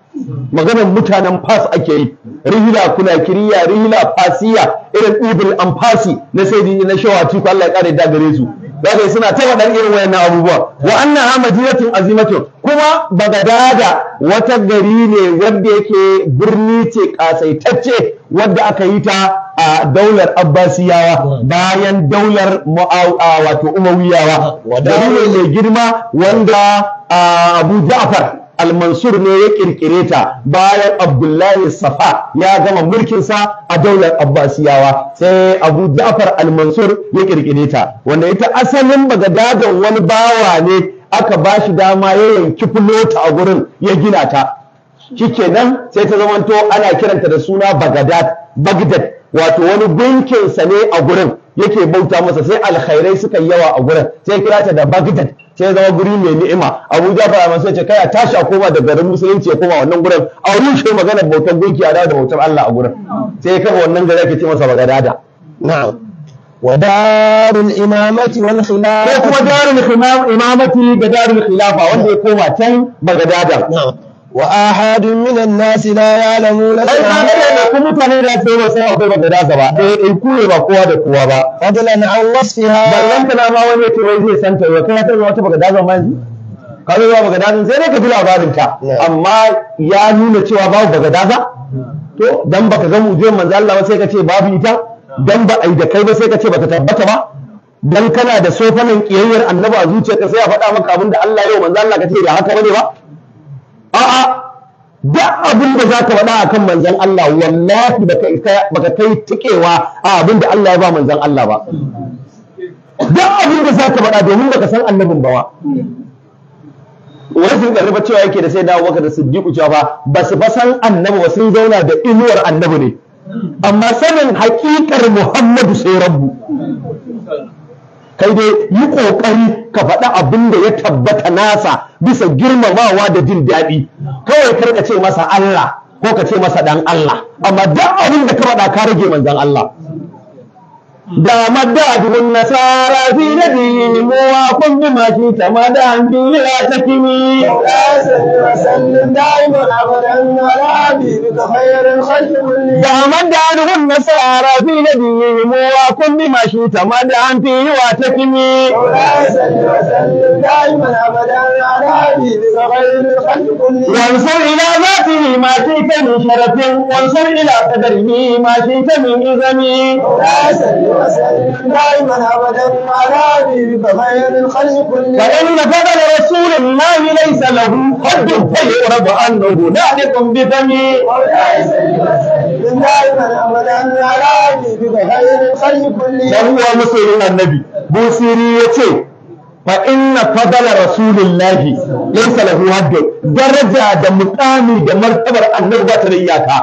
maganar mutanen fas ake yi rihila kuna kiriya rihila fasiya irin ibil amfasi na sai na shawati ko Allah ya kare da gare su zaka suna ta faɗan irin wayannan abubuwa wa annaha madinatun azimatun kuma bagadada wata gari ne wanda yake birni ce kasaitacce wadda aka yi ta a daular abbasiyawa bayan daular wato umawiyawa gari ne mai girma wanda abu ja'far Al-Mansur ne ya kirkire ta bayan Abdullahi Safa ya gama mulkinsa a daular Abbasiyawa sai Abu Ja'far Al-Mansur ya kirkire ta wanda ita asalin Baga-dadan wani bawa ne aka ba shi dama ya yanki fulota a gurin ya gina ta shikenan sai ta zamanto ana kiranta da suna Bagdad Bagdad wato wani sa ne a gurin yake bauta masa sai alkhairai suka yawa a gurin sai kira ta da Baghdad sai zama guri mai ni'ima Abu Jafar amma sai ce kai a tashi a koma da garin musulunci ya koma wannan gurin a rushe magana bautan gunki a da bautar Allah a gurin sai kafa wannan gari yake ce masa Baghdad na'am wa darul imamati wal khilafa ko kuma darul imamati da darul khilafa wanda ya koma can Baghdad na'am وآحد من minan nasi la ya'lamu la ai ka mutane da ba sai akwai ba ba kowa da ba fadlan ma wani zai wata baka ma ba baka sai ne ka ji labarin ta amma ya nuna cewa babu baka daga to dan baka ga mujin manzo Allah sai ka ce babu ita dan ba ai da kai ba sai ka ce baka tabbata ba dan kana da sofanin kiyayyar annabi a zuciyarka sai a faɗa maka abin da Allah yau manzo Allah ce da haka bane ba a'a duk abin da zaka faɗa akan manzon Allah wallahi baka isa baka kai tikewa a abin da Allah ya ba manzon Allah ba duk abin da zaka faɗa domin baka san annabin ba wa sun karfa cewa yake da sai dawo baka da siddiqu cewa ba ba su ba san annabi ba sun zauna da inuwar annabi ne amma sanin haƙiƙar Muhammadu sai rabbu kai dai yi ƙoƙari ka faɗi abin da ya tabbata nasa bisa girmamawa da jin daɗi kawai karka ce masa Allah ko ka ce masa ɗan Allah amma duk abin da ka faɗa ka rage manzon Allah da madda nasara fi nabi wa kun bi ma shi ta madan duniya ta kimi sallin bika da madda nasara fi nabi wa kun bi ma shi ta madan duniya ta kimi sallin bika ila zatihi ma shi ta min sharafin wansur ila qadarihi ma shi ta min izami دائما أبدا على فخير الخلق فإن فضل رسول الله ليس له حد فيعرض عنه هنالك بفمه دائما أبدا على فخير الخلق فهو مسلم النبي بوسيري يتيه fa inna fadala rasulillahi laysa lahu hadd daraja da mukami da martabar annabi ba ta da iyaka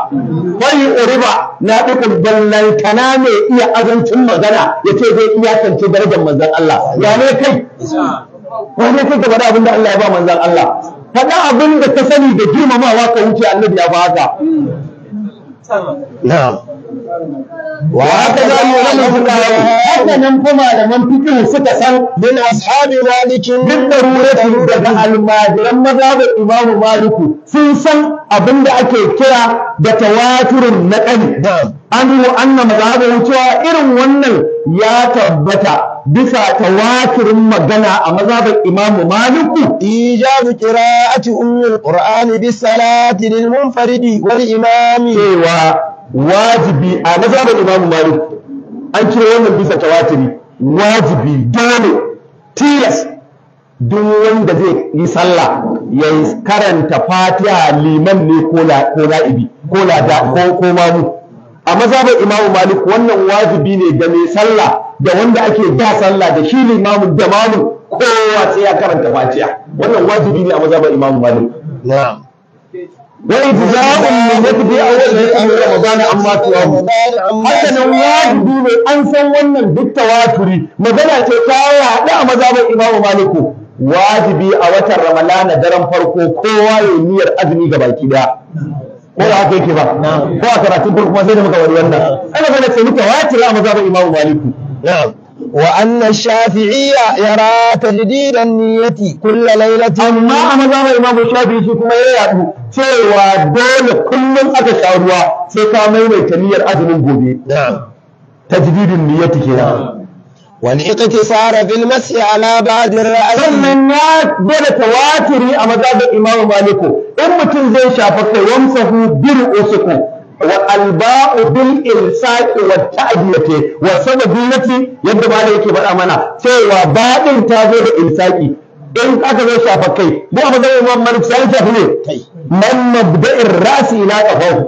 wai uriba na dukkan ballan kana ne iya azancin magana yace zai iyakance darajar manzon Allah ya ne kai wani kai ka Allah ya ba manzon Allah faɗa abin da ka sani da girmamawa ka wuce annabi ya ba haka na'am wa aka da mu wannan fuqaha haka nan fa malaman fiqh suka san min ashabi malikin min darurati daga almajiran mazhabin imam malik sun san abin da ake kira da tawaturun naqli anhu anna mazhabu cewa irin wannan ya tabbata bisa tawaturin magana a mazhabar Imam Malik ijazu qira'ati ummul qur'ani bis salati lil munfaridi wal imami cewa wajibi a mazabar Imam Malik an kira wannan bisa tawaturi wajibi dole tilas duk wanda zai yi sallah ya karanta fatiha liman ne ko la'ibi ko ko mamu a mazhabar imamu malik wannan wajibi ne ga mai sallah da wanda ake ba sallah da shi limamu da mamu kowa sai ya karanta fatiha wannan wajibi ne a mazhabar imamu malik na'am a ijza'un yi a awwal min ramadan amma tuwamu haka nan wajibi ne an san wannan duk tawaturi magana ce ta yaɗu a mazhabar imamu maliku wajibi a watan ramadana daren farko kowa ya yi niyyar azumi ga baki ɗaya. ko da haka yake ba ko a karatun farko sai da muka wari wannan ana ba da ce muka wace za mu zaba imamu maliki wa anna shafi'iyya yara tajdidan niyyati kullu lailatin amma a mazhabar imamu shafi'i shi kuma ya yadu cewa dole kullum aka sha ruwa sai ka maimaita niyyar azumin gobe tajdidin niyyati kenan والاقتصار في المسح على بعد الرأي sannan ya gwada tawatiri a maza da Imam Malik in mutum zai shafa kai wamsahu bir usuku wa alba'u bil ilsaqi wa ta'diyati wa sababiyati yadda malai yake baɗa mana cewa baɗin ta zo da ilsaqi in aka zo shafa kai mu a mazhabin Imam Malik sai shafi ne kai man mabda'ir rasi na qafahu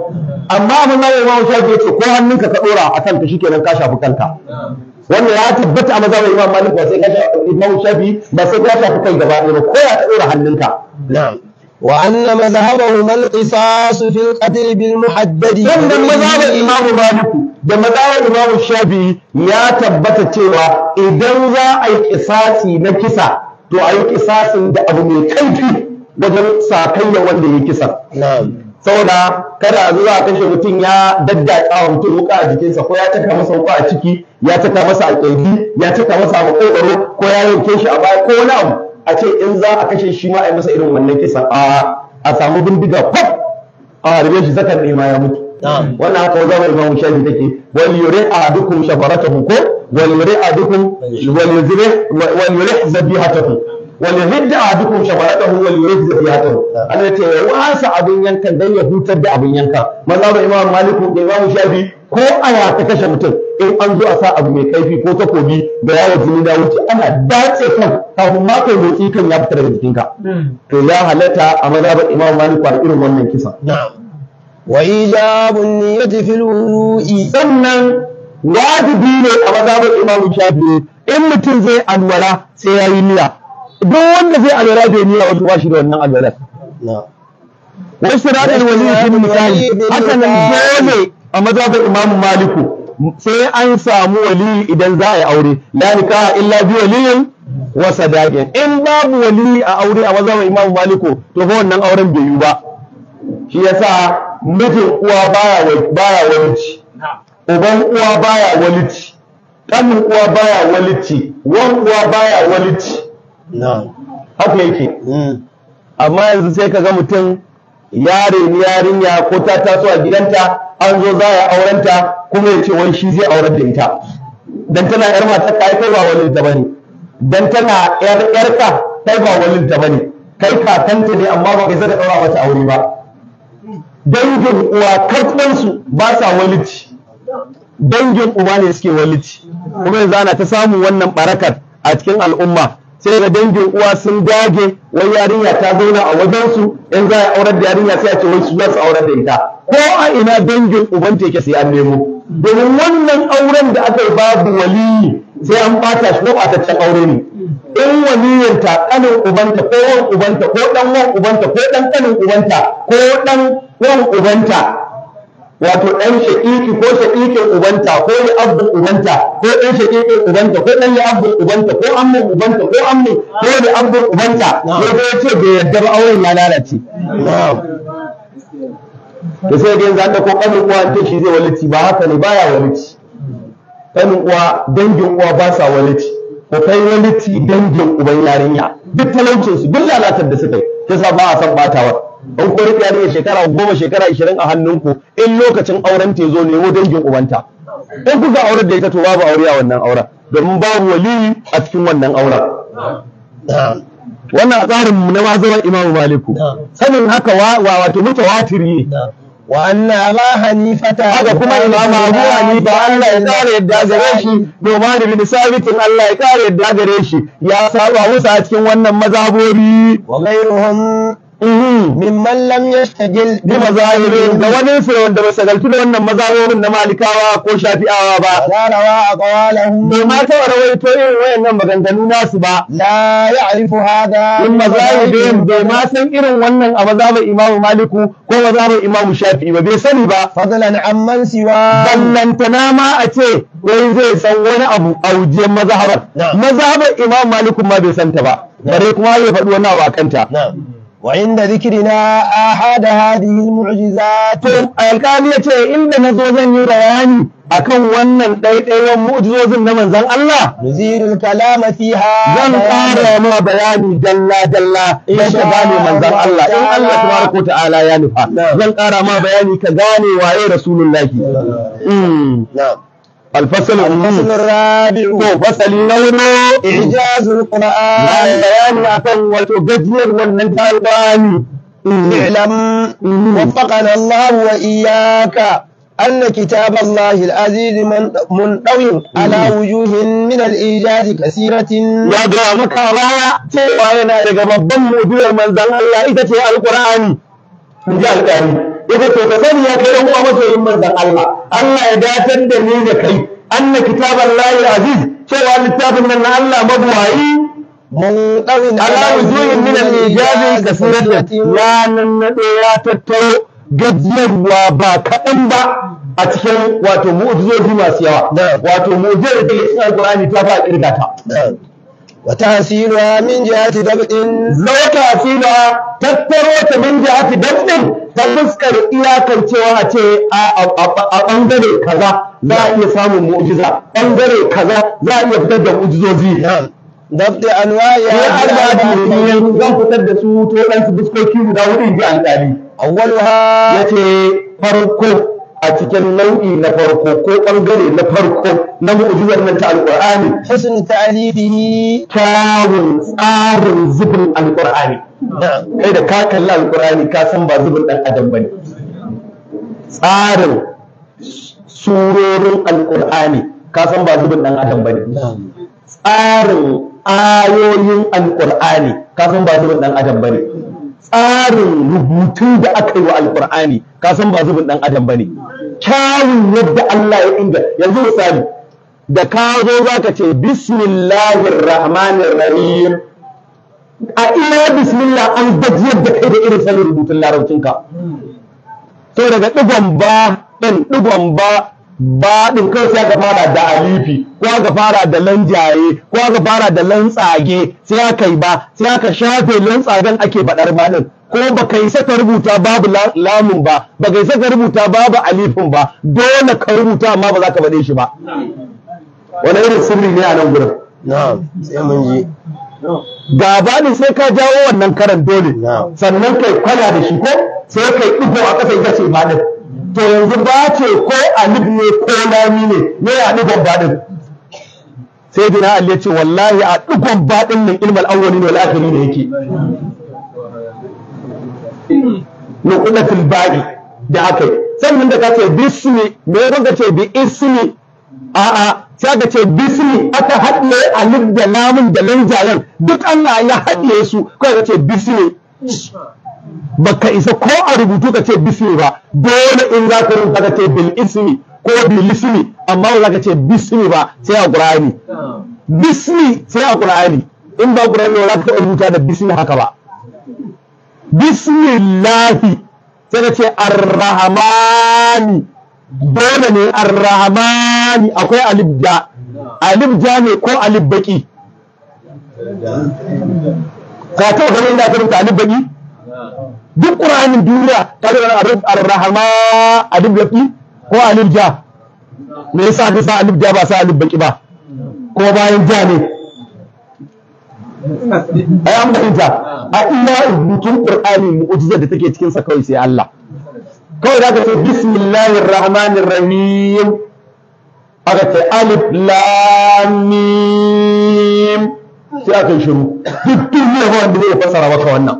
amma mun ga Imam Shafi yace ko hannunka ka dora akan ka shikenan ka shafi kanka wannan ya tabbata a mazhabar imam malik ba sai ka imam shafi ba sai ka shafi kai gaba ɗaya ba ko ya ta ɗora hannunka na'am wa anna mazhabahum isa su fi al-qatl bil muhaddad wannan mazhabar imam malik da mazhabar imam shafi ya tabbata cewa idan za a yi kisasi na kisa to a yi kisasin da abu mai kaifi wajen sakayya wanda ya kisa na'am saboda kada a a kashe mutum ya daddatsa wa mutum wuka a jikinsa ko ya taka masa wuka a ciki ya taka masa a ya taka masa a makogaro ko ya yanke shi a baya ko na abu a ce in za a kashe shi ma a yi masa irin wannan kisa a samu bindiga kwaf a harbe shi zakar nema ya mutu wannan haka wajen wani imamu shafi take wal yuri adukum shafaratahu ko wal yuri adukum wal yuri wal yuri wani hidda a dukkan shafarata hu wani yuri da fiyata hu Allah ce ya wasa abin yankan dan ya hutar da abin yanka maza da imam maliku da imam shafi ko aya ta kashe mutum in an zo a sa abu mai kaifi ko takobi da yawo jini da wuce ana dace kan kafin ma kai motsi kan ya fita daga jikinka to ya halatta a maza imam maliku a irin wannan kisa wa ijabun niyyati sannan wajibi ne a maza da imam shafi in mutum zai alwara sai ya yi niyya duk wanda zai alwala da niyya wato ba shi da wannan alwala wasu ranar wani shi misali haka nan dole a mazhabar imam maliku sai an samu wali idan za a yi aure la nikaha illa bi waliyin wa sadaqin in babu wali a aure a mazhabar imam maliku to fa wannan auren bai yi ba shi yasa mutum uwa baya baya walici uban uwa baya walici kanin uwa baya walici wan uwa baya walici haka yake mm. amma yanzu sai ka ga mutum yare ni ya ko ta taso a gidanta an zo za a aurenta kuma ya ce wai shi zai aurar da ita dan tana yar mata kai ba wani ta bane dan tana yar yar ka kai ba ta bane kai kakanta ne amma ba kai zaka daura mata aure ba dangin uwa karɓan su ba sa walici dangin uwa ne suke walici kuma yanzu ana ta samu wannan barakar a cikin al'umma sai ga dangin uwa sun dage wai yarinya ta zauna a wajensu in za a aurar da yarinya sai a ce wai su za su aurar da ita ko a ina dangin uban yake sai an nemo domin wannan auren da aka yi babu waliyi sai an bata shi a gabataccen aure ne in waliyanta kanin ubanta ko wan ubanta ko dan wan ubanta ko dan kanin ubanta ko dan wan ubanta wato ɗan shaƙiƙi ko shaƙiƙin ubanta ko yi abdul ubanta ko ɗan shaƙiƙin ubanta ko ɗan yi abdul ubanta ko ammin ubanta ko ammin ko yi abdul ubanta ya ce bai yadda ba auren ya lalace da sai ga yanzu an ɗauko ƙanin uwa ta shi zai walici ba haka ne baya walici ƙanin uwa dangin uwa ba sa walici ko kai walici dangin uban yarinya duk talaucinsu duk lalatar da suka yi ta sa ba a san ɓatawar an ko rufe yarinya shekara goma shekara ishirin a hannunku in lokacin auren te zo nemo dangin ubanta in kuka auren da ita to babu aure a wannan auren domin babu waliyi a cikin wannan auren wannan tsarin na mazaban imamu maliku sanin haka wa wato mutawatir watiri. wa anna la hanifata haka kuma imam abu ba Allah ya kare yadda gare shi domin bin sabitin Allah ya kare yadda gare shi ya saba musu a cikin wannan mazabori. wa ghairuhum mimman ya yashtagil bi mazahirin ga wani su wanda ba sagaltu da wannan mazahirin na malikawa ko shafi'awa ba la rawa aqwalahu bai ma ta rawaito irin wayannan maganganu nasu ba la ya'rifu hada in mazahirin bai ma san irin wannan a mazhabar imam maliku ko mazhabar imam shafi'i ba bai sani ba fadlan amman siwa ballantana ma a ce wai zai san wani abu a wujiyar mazhabar mazhabar imam maliku ma bai santa ba bare kuma ya faɗi wani abu a kanta Wa in da zikirina aha da hadi ma'aiciza. Alkaliyya ce inda nazo zan yi rayani a kan wannan ɗaiɗawan mu'ujizodin na manzan Allah. Zan kare ma bayani dalla dalla. Ya sha manzan Allah. In Allah ta'ala ya nufa. Zan kare ma bayani ka gane waye rasulillah. الفصل الفصل الرابع فصل النوم إعجاز القرآن بيان أكون وتبذير والنجم اعلم وفقنا الله وإياك أن كتاب الله العزيز منطوي على وجوه من الإيجاد كثيرة يا جرامك رايا وأنا لقب الضم وجوه من ذلك الله إذا القرآن جاهدان yace to ka sani ya kai dan uwa masoyin manzon Allah Allah ya datar da ni da kai anna layi aziz cewa littafin nan na Allah mabuwayi munqawin ala wujuhin min al-ijazi da surati ya nan na ya tattaro gajiyarwa ba kaɗan ba a cikin wato mu'ujizoji masu yawa wato mu'ujizar da ke cikin alƙur'ani ta fa kirga وتحصيلها من جهة دفع لو تحصيلها تكبروا من جهة دفع تفسكر إياك التواهة أنظري كذا لا يسام معجزة أنظري كذا لا يبدأ معجزوزي دفع أنواع يا زan fitar da su to ɗansu biskoki guda wurin ji alƙali awwaluha yace farko a cikin nau'i na farko ko ɓangare na farko na mu'jizar nan ta alƙur'ani husn ta'alibihi kyawun tsarin zubin alƙur'ani kai da ka kalli alƙur'ani ka san ba zubin ɗan adam bane tsarin surorin alƙur'ani ka san ba zubin ɗan adam bane tsarin ayoyin alƙur'ani ka san ba zubin ɗan adam bane tsarin rubutun da aka yi wa alkur'ani ka san ba zubin dan adam bane kyawun yadda Allah ya inda yanzu misali da ka zo za ka ce bismillahir rahmanir rahim a ina bismillah an yadda yadda kai da irin sanin rubutun larabcinka to daga digon ba digon ba baɗin kawai sai aka fara da alifi ko aka fara da lanjaye ko aka fara da lantsage sai aka yi ba sai aka shafe lantsagen ake baɗar baɗin ko ba ka yi saka rubuta babu lamun ba ba ka yi saka rubuta babu alifin ba dole ka rubuta amma ba za ka baɗe shi ba wani irin sirri ne a nan gurin ga ne sai ka jawo wannan karan dole sannan kai kwala da shi ko sai kai ɗigo a ƙasa ita ce ɗin. to yanzu ba ce ko alif ne ko lami ne me ya digon baɗin sai dina Allah ya ce wallahi a digon baɗin nan ilmal awwali ne wal akhiri ne yake nuqlatul ba'i da aka yi sannan da ka ce bismi me ya ka ce bi ismi a'a sai ka ce bismi aka haɗe alif da namun da lanjayen duk Allah ya haɗe su kai ka ce bismi baka isa ko a rubutu ka ce bismi ba dole in za ka rubuta ka ce bil ismi ko bil ismi amma ba za ka ce bismi ba sai a qur'ani bismi sai a qur'ani in ba qur'ani ba za ka rubuta da bismi haka ba bismillahi sai ka ce arrahmani dole ne arrahmani akwai alif da alif ja ne ko alif baki ka ta ganin da ka rubuta alif baki duk ƙura'anin duniya ta da abin arrahama alif yafi ko alif ja me yasa ka sa alif ja ba sa alif baki ba ko bayan ja ne ai an fahimta a ina rubutun ƙur'ani mu'ujizar da take cikin sa kawai sai Allah kawai da ka ce bismillahir rahmanir rahim aka ce alif lam mim sai aka yi shiru duk duniya ba wanda zai fassara maka wannan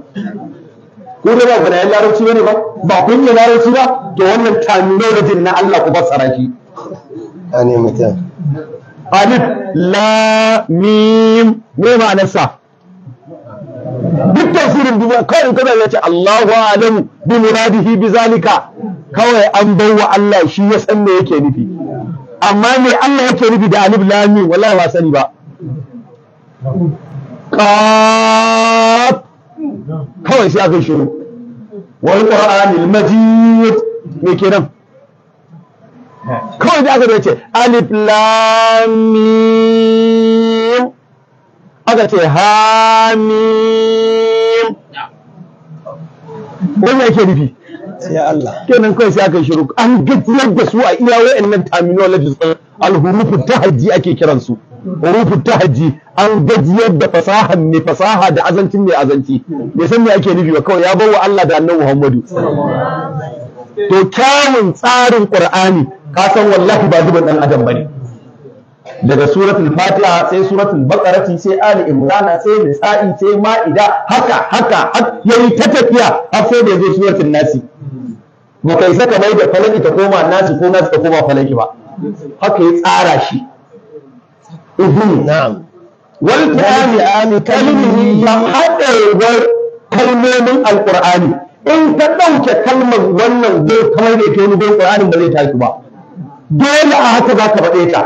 ku da ba kuna larabci bane ba ba kun yi larabci ba to wannan terminology na Allah ku fassara shi ane mutum alif la mim me ma'anar sa duk tafsirin duniya kawai kaza ya ce Allahu alam bi muradihi bi zalika kawai an bar wa Allah shi ya san me yake nufi amma me Allah yake nufi da alif lam mim wallahi ba sani ba qaf kawai sai aka shiru wal qur'anil majid ke nan kawai da aka ce alif lam aka ce ha wani yake nufi sai Allah kenan kai sai aka shiru an gajiyar da su a iya wayannan terminologies alhurufu tahajji ake kiran su hurufu tahaji an gajiyar da fasahan ne. fasaha da azancin mai azanci Me san me ake nufi ba kawai ya bawa Allah da Annabi Muhammadu to kyawun tsarin Qur'ani ka san wallahi ba zuban dan adam bane daga suratul fatiha sai suratul baqarati sai ali imran sai nisa'i sai ma'ida haka haka yayi ta tafiya har sai da zo suratul nasi ba kai saka mai da falaki ta koma nasu ko nasu ta koma falaki ba haka ya tsara shi na'am wal qur'ani kalmihi ya hada war kalmomin alqur'ani in ka dauke kalmar wannan zai kamar da ni wani qur'anin ba zai tashi ba dole a haka zaka bade ta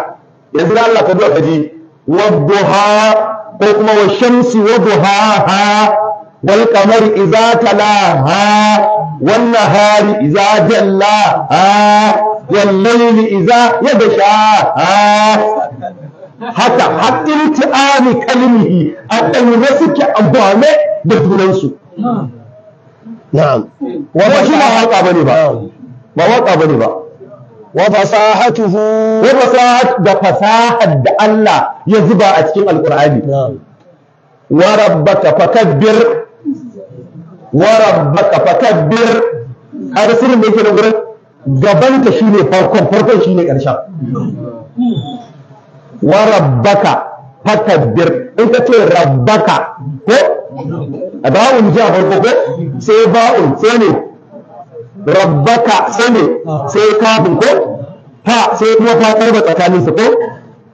yanzu da Allah ka zo ka ji wadduha ko kuma wa shamsi wadduha wal qamari idza talaha wan nahari idza jallaha wal layli idza yabsha haka har irti'ani kalmihi a ɗaure suke amfani da junansu na'am wannan shi ba waka bane ba ba waka bane ba wa fasahatuhu wa fasahat da fasahar da Allah ya zuba a cikin alqur'ani wa rabbaka fakabbir Warabaka, fakabbir kaga sirrin da yake nan gurin gabanta shine farkon farkon shine karshen wa fakabbir in ka ce rabbaka ko a ba'un ji a farko ko sai ba'un sai ne rabbaka sai ne sai kafin ko ta sai kuma ta karba tsakanin su ko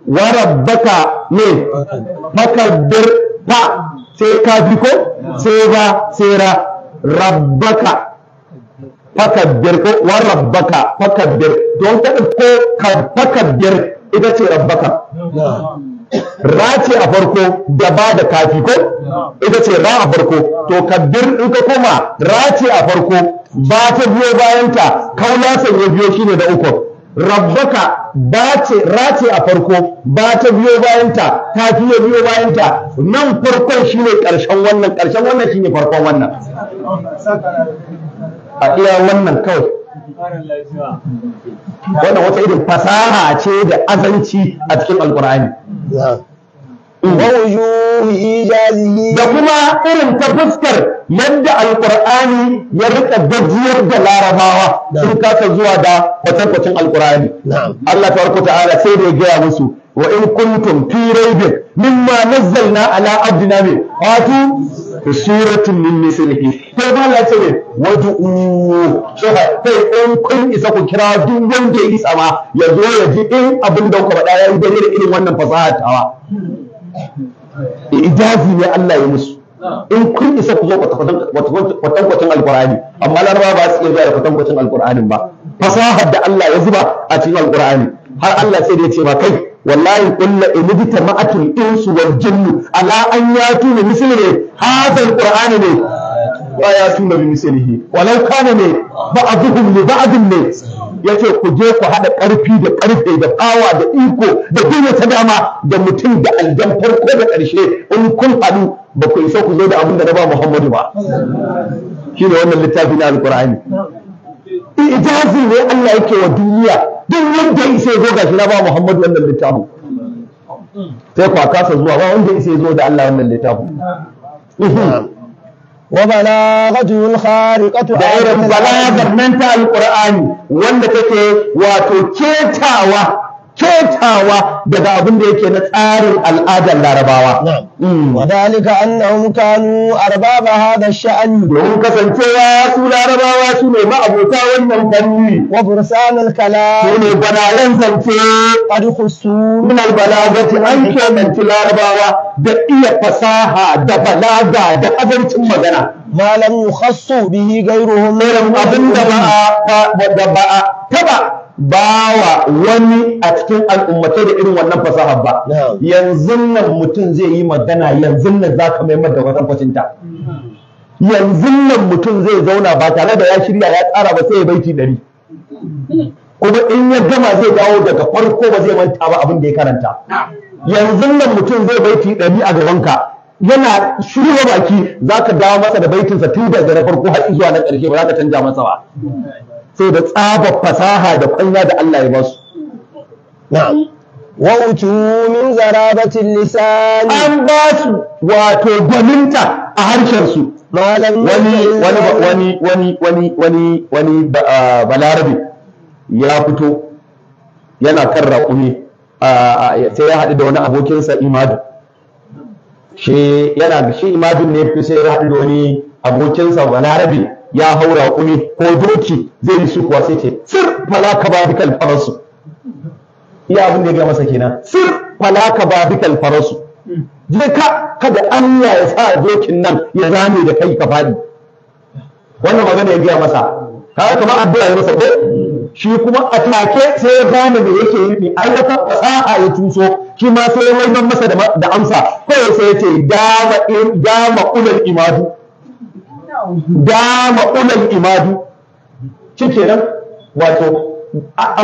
warabaka ne fakabbir ta sai kafi ko sai ba sai ra rabbaka fakabbir ko wa rabbaka fakabbir don ta ko ka fakabbir ita ce rabbaka ra ce a farko da ba da kafi ko ita ce ra a farko to kabbir in ka koma ra ce a farko ba ta biyo bayanta kauna san ya biyo shine da uku rabbaka ba ce race a farko ba ta biyo bayanta ta fiye biyo bayanta nan farkon shi ne karshen wannan karshen wannan shi ne farkon wannan a iya wannan kawai wannan wata irin fasaha ce da azanci a cikin Alƙur'ani. wa da kuma irin ta fuskar yadda alkur'ani ya rika gajiyar da larabawa sun kasa zuwa da kwatankwacin alqur'ani Allah tabaraka ta'ala sai da ya gaya musu wa in kuntum fi raibin mimma nazzalna ala abdina bi hatu suratun min mislihi sai ba la ce wadu sai in kun isa ku kira duk wanda ya isa ma ya zo ya ji in abin da kuka faɗa ya yi da irin wannan fasaha tawa ijazi ne Allah ya musu in kun isa ku zo kwatankwacin alkur'ani amma laraba ba su iya zuwa da kwatankwacin alkur'ani ba fasahar da Allah ya zuba a cikin alkur'ani har Allah sai da ya ce ba kai wallahi kullu inibta ma'atul insu wal jinnu ala an yatu misli hadha alqur'ani ne ba ya tuna bi misalihi walau kana ne ba'dhum li ba'dhin ne yace ku je ku hada karfi da karfe da kawa da iko da dole ta dama da mutum da aljan farko da karshe in kun hadu ba ku isa ku zo da abin da na ba Muhammadu ba ne wannan littafi na alqur'ani ijazi ne Allah yake wa duniya duk wanda isa zo gashi na ba Muhammadu wannan littafin sai ku kasa zuwa ba wanda isa zo da Allah wannan littafin وبلاغته الخارقة دائرة بلاغة من القرآن وانت تكي وتكيتاوة ketawa daga abin da yake na tsarin al'adar larabawa. Mm. Wadalika annahum kanu arbaba hada sha'ani. Domin kasancewa su larabawa su ne ma'abota wannan fanni. Wa kala. Su ne gwanayen zance. Qad khusu. Min al an kemanci larabawa da iya fasaha da balaga da azancin magana. Malam yukhassu bihi gairuhum. Irin abin da ba a taba bawa wani a cikin al'ummatai da irin wannan fasahar ba yanzu nan mutum zai yi magana yanzu nan za ka mai da wannan kwacinta yanzu nan mutum zai zauna ba tare da ya shirya ya tsara ba sai ya baiti ɗari kuma in ya gama zai dawo daga farko ba zai manta ba abin da ya karanta yanzu nan mutum zai baiti ɗari a gabanka yana shirya baki za ka dawo masa da baitinsa tun daga farko har zuwa na ƙarshe ba za ka canja masa ba sai da tsaba fasaha da kwanya da Allah ya basu na'am wa utu min zarabatin lisani. an basu wato gwaminta a harshen su wani wani wani wani wani wani balarabe ya fito yana kan raƙumi sai ya haɗu da wani abokinsa imadu shi yana shi imadu ne sai ya haɗu da wani abokinsa balarabe ya haura kuni ko doki zai yi sukuwa sai ce sir falaka ba bikal farasu iya abin da ya gaya masa kenan sir falaka ba bikal farasu je ka kada Allah ya sa dokin nan ya zame da kai ka fadi wannan magana ya gaya masa kaga kamar addu'a ya masa ko shi kuma a take sai ya gane me yake yi ne ai wata sa'a ya tuso shi ma sai ya masa da amsa kawai sai ya ce dama ulal imadu dama ma'ulan imadu nan wato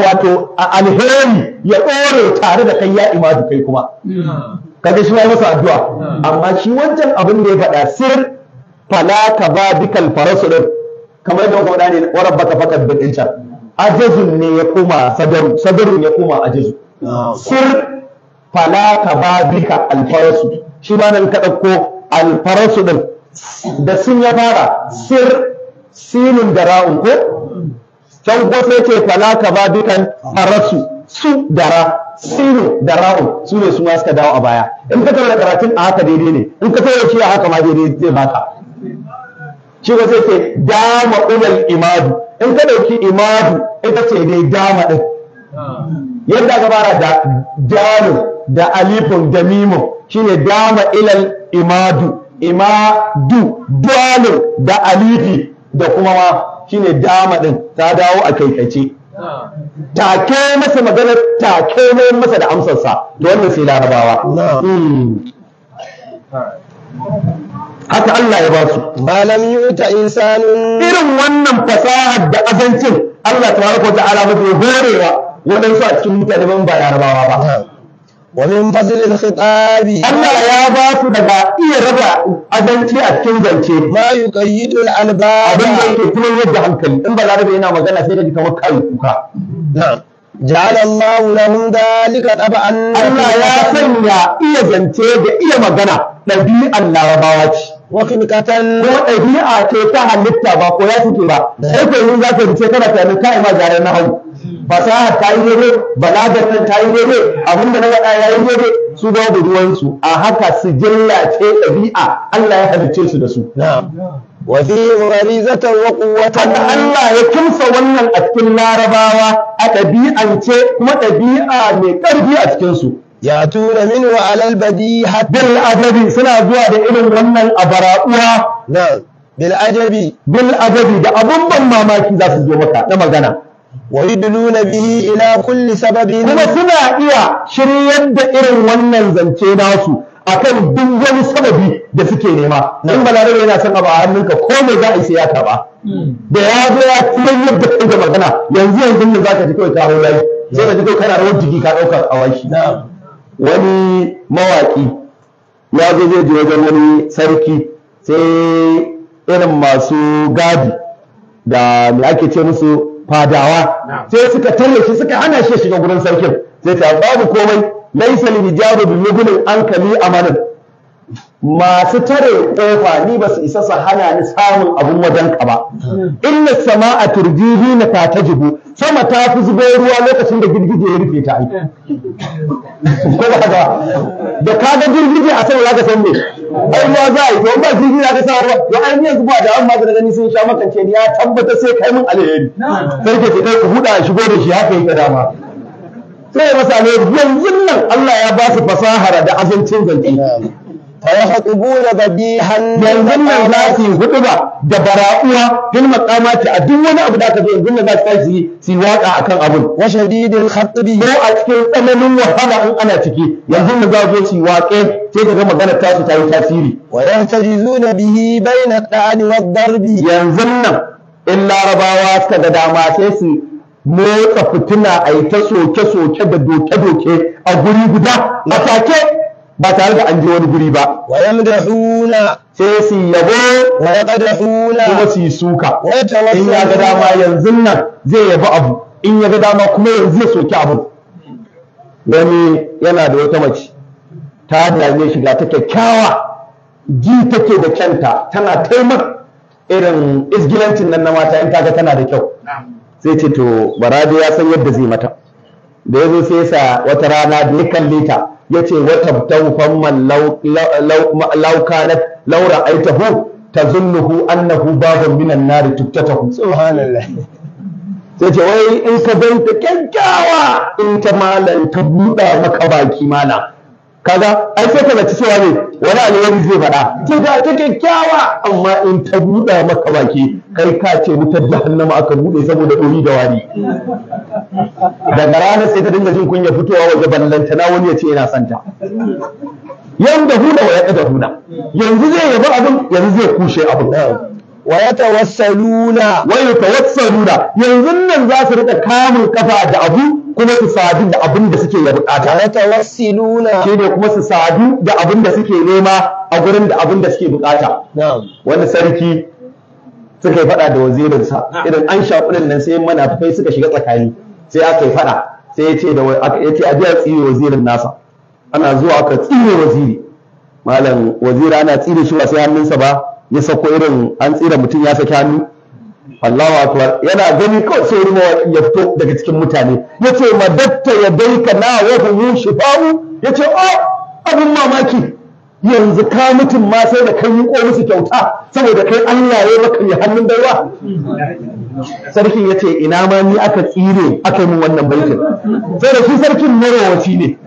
wato alheri ya ɗore tare da kai ya imadu kai kuma hmm. kaje shi ya masa addu'a hmm. amma shi wancan abin da ya faɗa sir fala ka ba dikal farasu din kamar da kuma ne wa rabbaka faqad bil insa ajazun ne ya koma sadaru sadarun ya koma ajazu hmm. sir fala ka ba dika shi ma nan ka ɗauko al farasu da sun ya fara sir sinin da ra'un ko can kwafe ce fala ka ba dukan harasu su dara sinu da ra'un su ne su ma suka dawo a baya in ka da karatun a haka daidai ne in ka da shi a haka ma daidai zai baka shi ba zai ce dama ulal imadu in ka dauki imadu ita ce dai dama din yadda aka fara da dalil da alifun da mimun shine dama ilal imadu ima du da alifi da kuma ma shine dama din ta dawo a kai-kace. kaikace take masa magana take mai masa da amsarsa da wannan sai larabawa hmm. haka Allah ya ba su alam yuta irin wannan fasahar da azancin Allah tabaraka wa ta'ala mafi horewa waɗansu a cikin mutane ban ba larabawa ba ومن فضل الخطاب الله يا باكو دغا iya raba azanci a cikin zance ma yuqayyidu al-albab abin da yake kuma yadda hankali in ba larabe yana magana sai da kamar kai kuka جعل الله لهم ذلك طبعا الله يا سنيا iya zance da iya magana dabi'an larabawa ce wa kimikatan ko dabi'a ce ta halitta ba ko ya fito ba sai ko zata zaka rice kana tunanin kai ma jaran na hawo fasaha ta yi daidai balagar nan ta yi daidai abinda na faɗa ya yi daidai su ba ruwansu a haka su ce ɗabi'a Allah ya halicce su da su fi gharizatan wa quwwatan Allah ya kimsa wannan a cikin larabawa a ɗabi'ance kuma ɗabi'a mai ƙarfi a cikin su ya tura min wa alal badiha bil adabi suna zuwa da irin wannan abara'uwa na bil adabi bil adabi da abun ban mamaki za su zo maka na magana wa yudluna bihi ila kulli sababin kuma suna iya shiryar da irin wannan zance nasu akan duk wani sababi da suke nema in balarabe yana son abu a hannunka ko me za a yi sai ya da ya zo ya kiran yadda kai magana yanzu yanzu ne za ka ji kawai kawo layi sai ka ji kawai kana rawar jiki ka ɗauka a washi wani mawaƙi ya zo zai je wajen wani sarki sai irin masu gadi da me ake ce musu fadawa sai suka tallace suka hana shi shiga gurin sarkin sai ta babu komai laisa li hijabu bi mughlin ankali amanan masu tare kofa ni ba su isa su hana ni samun abun wajen ka ba inna sama'a turjihi na ta tajibu sama ta fi zubo ruwa lokacin da girgije ya rufe ta aiki ko ba ga da ka ga girgije a sama zaka san me ai ruwa za a yi to ba girgije za ka sa ruwa Ya ai yanzu ba da amma da gani sun sha makance ni ya tabbata sai kai mun alheri sai ka kai ku huda shigo da shi haka yake dama sai ya masa ne yanzu nan Allah ya ba su fasahara da azancin zance fayahqibuna dhabihan yanzu nan za su yi ba da bara'uwa fil maqamati a duk wani abu da aka zo yanzu nan za su tashi su waka akan abun wa shadidil khatri ko a cikin tsananin wahala in ana ciki yanzu nan za su zo su waƙe sai ka ga magana ta su ta yi tasiri wa yahtajizuna bihi bayna al-qani wad-darbi yanzu nan in larabawa suka ga dama sai su motsa fituna a yi ta soke-soke da doke-doke a guri guda a ba tare da an je wani guri ba wa yabo kuma su suka in ya ga dama yanzu nan zai yabo abu in ya ga dama kuma yanzu ya soki abu wani yana da wata mace ta dame shiga ta kyakkyawa ji take da kyanta tana taimak. irin isgilancin nan na mata in taga tana da kyau sai ce to barado ya san yadda zai mata da ya zo sai sa wata rana da ya kalle ta yace wa tabtahu famman law kanat law ra'aitahu tazunnuhu annahu babun minan nar tuftatahu subhanallah Yace wai in ka ganta kyakkyawa in ta malam ta buɗa maka baki malam kaga ai sai ka zaci cewa ne wani alheri zai faɗa ce da ta kyakkyawa amma in ta buɗa maka baki kai ka ce ta jahannama aka buɗe saboda ɗori da wari daga ranar sai ta dinga jin kunya fitowa waje ballanta na wani ya ce yana santa yanda huda wa ya huda yanzu zai yaba abin yanzu zai kushe abin wa ya tawassaluna wa ya tawassaluna yanzu nan za su rika kamun kafa da abu kuma su sadu da abin da suke ya bukata wa tawassiluna shine kuma su sadu da abin da suke nema a gurin da abin da suke bukata wani sarki suka yi fada da wazirinsa idan an shafi nan sai tafai suka shiga tsakani sai aka yi fada sai ya ce da ya ce a biya tsiri wazirin nasa ana zuwa aka tsire waziri malam wazira ana tsire shi ba sai hannunsa ba ya sako irin an tsira mutum ya saki hannu Allahu akbar yana gani kawai sai wani ya fito daga cikin mutane ya ce madatta ya ka na wa huyu shifa'u ya ce o abin mamaki yanzu ka mutum ma sai da kai ko musu kyauta saboda kai Allah ya maka ya hannun baiwa sarkin ya ce ina ma ni aka tsire aka yi min wannan baitin sai da shi sarkin marowaci ne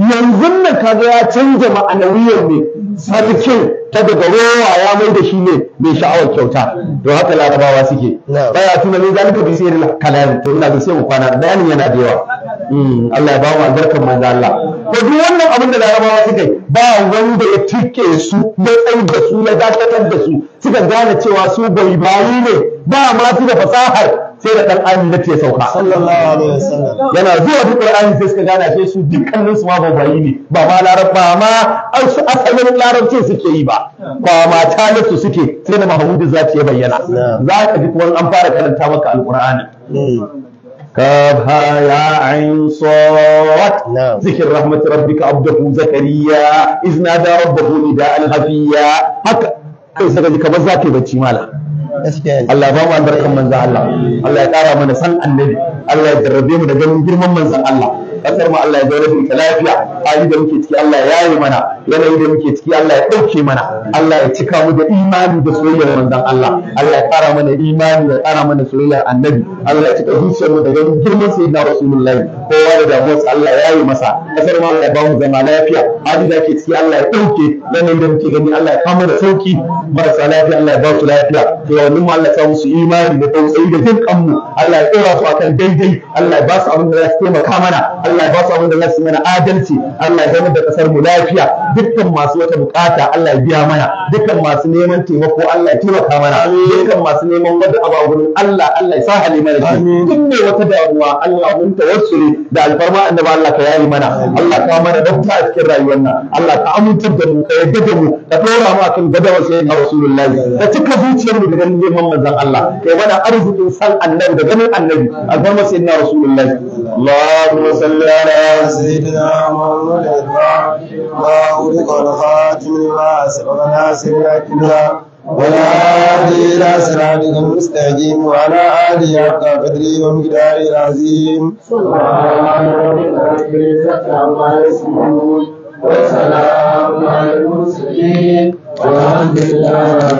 yanzu nan kaga ya canza ma'anawiyar ne sarkin ta daga rowa ya mai da shi ne mai sha'awar kyauta don haka larabawa suke baya tuna min zalika bi sirril kalam to ina da sai mu kwana bayanin yana da yawa hmm, Allah ya ba mu albarkar manzo Allah ko duk wannan abin da larabawa suke ba wanda ya tike su matsayi da su na dakatar da su suka gane cewa su bai bayi ne ba ma su da fasahar sai da ɗan ayin da ke sauka yana zuwa duk qur'ani sai suka gane sai su dukkanin su ma babayi ne ba ma larab ba ma an su asalin larabci suke yi ba ba ma talisu suke sai da mahmudu zaki ya bayyana za ka ji kuma an fara karanta maka alqur'ani كافها يا عين صوت ذكر رحمة ربك عبده زكريا إذ نادى ربه نداء هفيا هكا كيف سكت كما زاكي بتشي مالا Allah ba mu albarkan manzon Allah Allah ya kara mana san annabi Allah ya jarrabe mu da ganin girman manzon Allah kasar mu Allah ya zaune da lafiya hali da muke ciki Allah ya yi mana yanayi da muke ciki Allah ya dauke mana Allah ya cika mu da imani da soyayyar manzon Allah Allah ya fara mana imani ya fara mana soyayyar annabi Allah ya cika zuciyar mu da ganin girman na rasulullahi kowa da damuwarsa Allah ya yi masa kasar mu Allah ya ba mu zama lafiya hali da ke ciki Allah ya dauke yanayi da muke gani Allah ya kama da sauki marasa lafiya Allah ya ba su lafiya to wannan mu Allah ya musu imani da tausayi da jin kanmu Allah ya tsora su akan daidai Allah ya ba su abin da za su taimaka mana Allah ya ba su abinda da za su mana adalci Allah ya zama da kasar mu lafiya dukkan masu wata bukata Allah ya biya mana dukkan masu neman taimako Allah ya taimaka mana dukkan masu neman wata abu gurin Allah Allah ya sa halima da shi duk wata damuwa Allah mun tawassuli da alfarma annabi Allah ka yayi mana Allah ka mana dauka a cikin rayuwar nan Allah ka amintar da mu ka yarda da mu ka dora mu akan gadawar na Rasulullahi ka cika zuciyar mu da ganin neman manzon Allah kai mana arzikin san annabi da ganin annabi alfarma na Rasulullahi Allahumma salli صل على سيدنا محمد الفاتح ما أغلق الخاتم لما سبق ناصر الأكمام والهادي إلى سلامك المستقيم وعلى آله حق قدره ومقداره العظيم سبحان ربك رب العزة عما يصفون وسلام على المرسلين والحمد لله